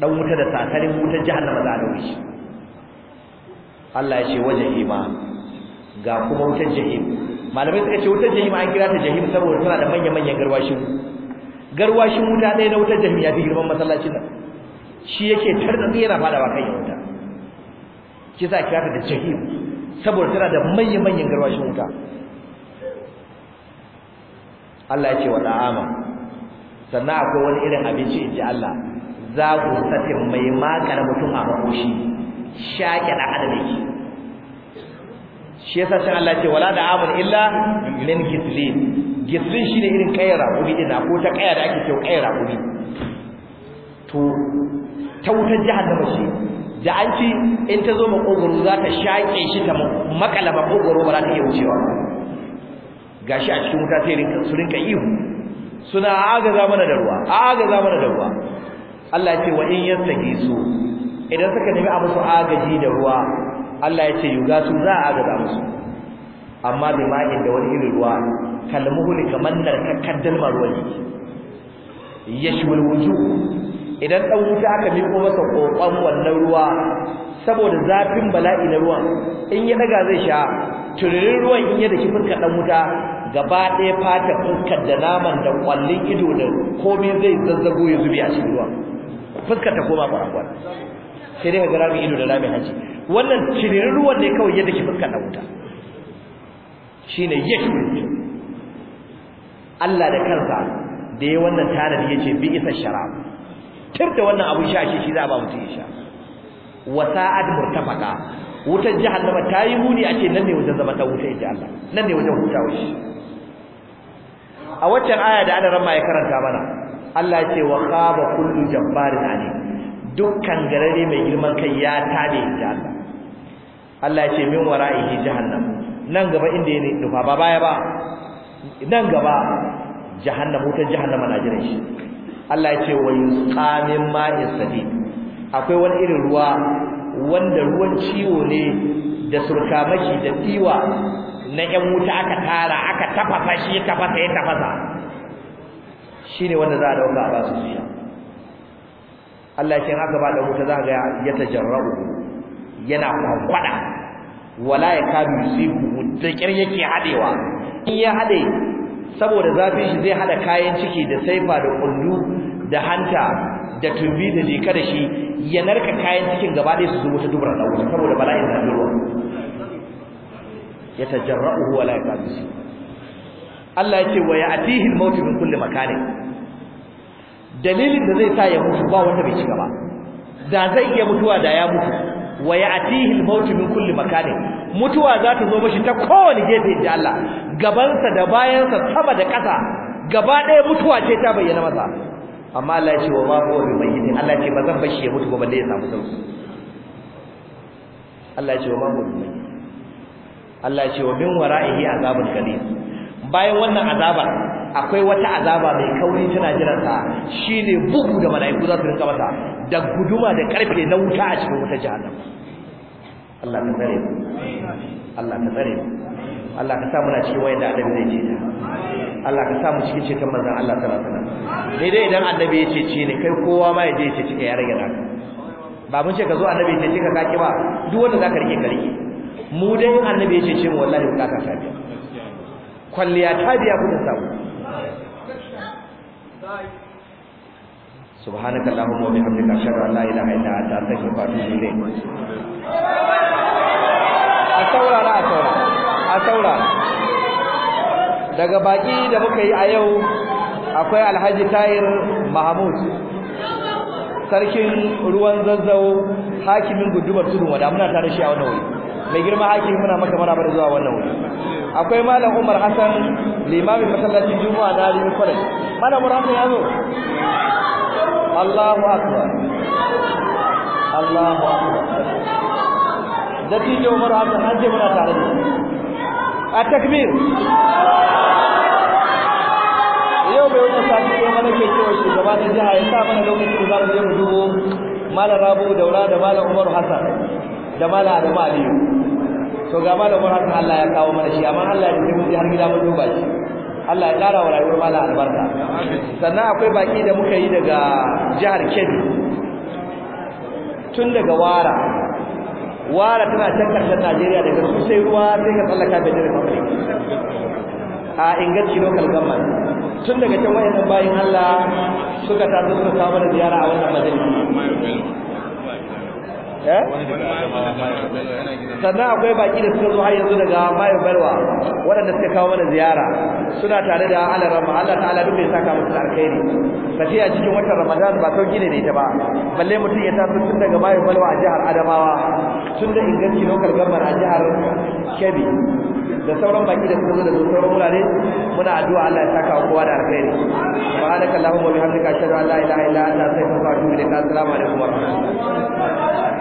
S2: ساتري wuta da satarin wutar jahannama za a Allah ya ce wajen ima ga kuma wutar jahim malamai suka ce wutar jahim an kira ta jahim saboda tana da manya-manyan garwashin garwashin wuta ɗaya na wutar jami'a fi girman masallacin nan shi yake tardatsi yana ba kan ya wuta shi za kira ta da jahim saboda tana da manya-manyan garwashin wuta Allah ya ce wa da'ama sannan akwai wani irin abinci in ji Allah za ku satin mai makara mutum a makoshi shaƙe da adam yake shi yasa sai Allah ya ce wala da'amun illa min kislin gitsin ne irin kayan raƙumi ɗina ko ta kaya da ake cewa kayan raƙumi to ta wutar da mace da an ci in ta zo makogoro za ta shaƙe shi ta makala makogoro ba za ta iya wucewa shi a cikin wuta sai rinka su rinka ihu suna agaza mana da ruwa agaza mana da ruwa Allah ya ce wa in gisu idan suka nemi a musu agaji da ruwa Allah ya ce yuga su za a agaza musu amma bi ma'in da wani irin ruwa kalmuhuli kamar narkakkar dalmar wani yashwal wuju idan dan wuta aka miƙo masa kokon wannan ruwa saboda zafin bala'i na ruwan in ya daga zai sha tururin ruwan in ya daki fuskar dan wuta gaba ɗaya fata fuskar da naman da kwallin ido da komai zai zazzago ya zubi a cikin ruwan fuskar ta koma farakwa sai dai ka gara ido da rami hanci wannan tururin ruwan ne kawai ya daki fuskar dan wuta shine yashwal wuju Allah da kansa da ya wannan da yace bi isa sharab tir da wannan abun sha shi shi za a ba mutum sha wa sa'ad murtafaqa wutar jahannama ta yi muni ake nan ne wajen zama ta wuta yake Allah nan ne wajen hutawa shi a wacce aya da adaran ma ya karanta mana Allah ya ce wa khaba kullu jabbarin ali dukkan garare mai girman kai ya tabe yake Allah Allah ya ce min wara'ihi jahannam nan gaba inda yake dufa ba baya ba nan gaba jahannama wutar jahannama na jiran shi Allah ya ce wa yusqamin ma'in sadid akwai wani irin ruwa wanda ruwan ciwo ne da surka maki da tiwa na 'yan wuta aka tara aka tafasa shi ya tafasa ya tafasa shine wanda za a dauka ba su siya Allah ya ce haka ba da wuta za ga ya tajarrabu yana kwankwada wala ya kadu yusibu da kyar yake hadewa in ya hade saboda zafin shi zai hada kayan ciki da saifa da kullu da hanta da tubi da jika da shi ya narka kayan cikin gaba ɗaya su zubo ta dubar da wuta saboda bala'in da ruwa ya tajarra'u wala ya kadu shi Allah ya ce wa ya'tihi al-maut min kulli makani dalilin da zai sa ya mutu ba wanda bai ci gaba da zai iya mutuwa da ya mutu wa ya'tihi al-maut min kulli makani, mutuwa za ta zo mishi ta kowane gefe da Allah gabansa da bayansa sama da ƙasa gaba ɗaya mutuwa ce ta bayyana masa amma Allah ya ce wa ma huwa bi mayyitin Allah ya ce ba zan shi ya mutu ba balle ya samu sauki Allah ya ce wa ma huwa bi mayyitin Allah ya ce wa min wara'ihi azabul kalim bayan wannan azaba akwai wata azaba mai kauri tana jiran ta shine bugu da mala'iku za su rinka mata da guduma da karfe na wuta a cikin wuta jahannama Allah ka tsare mu Allah ka tsare mu Allah ka sa mu na cikin wayanda annabi zai ce ta Allah ka sa mu cikin ceton manzon Allah sallallahu alaihi wasallam sai dai idan annabi ya ce ce ne kai kowa ma ya je ya ce cika ya rage naka ba mun ce ka zo annabi ya ce ka kaki ba duk wanda zaka rike ka rike mu dai annabi ya ce ce mu wallahi ka ka sabi kwalliya ta biya kudin samu سبحانك اللهم وبحمدك اشهد ان لا اله الا انت استغفرك واتوب اليك a saurara a saurara a saurara daga baki da muka yi a yau akwai alhaji tayir mahmud sarkin ruwan zazzau hakimin gudumar tudun wada muna tare shi a wannan wuri mai girma hakimi muna maka maraba da zuwa wannan wuri akwai malam umar hassan limamin masallacin juma'a na rimi college malam umar hassan ya zo الله أكبر
S1: الله أكبر الله أكبر الله أكبر
S2: التكبير يوم يوم يوم يوم يوم يوم يوم يوم يوم يوم يوم مالا رابو دولا دمالا عمر حسن دمالا دمالي سو قامالا عمر حسن الله يكاو من الشيء اما الله اكبر دي هرقلا من دوباتي Allah ya ƙara wa rayuwar mala albarka sannan akwai baki da muka yi daga jihar Kebbi tun daga Wara Wara tana can ƙarshen Najeriya daga sosai ruwa sai ka tsallaka jirgin Republic a inganci local government tun daga can wayannan bayan Allah suka taso suka kawo da ziyara a wannan
S1: majalisi Eh? sannan akwai baki da suka zo
S2: har yanzu daga mayo barwa waɗanda suka kawo mana ziyara suna tare da alarama Allah ta'ala duk ya saka musu alkhairi a cikin watan ramadan ba sauki ne da ita ba balle mutum ya taso tun daga mayo barwa a jihar adamawa tun da inganci lokal gamar a jihar kebbi da sauran baki da suka zo da sauran wurare muna addu'a Allah ya saka wa kowa da alkhairi subhanaka allahumma wa bihamdika ashhadu an la ilaha illa anta astaghfiruka wa atubu ilaik assalamu alaikum wa rahmatullahi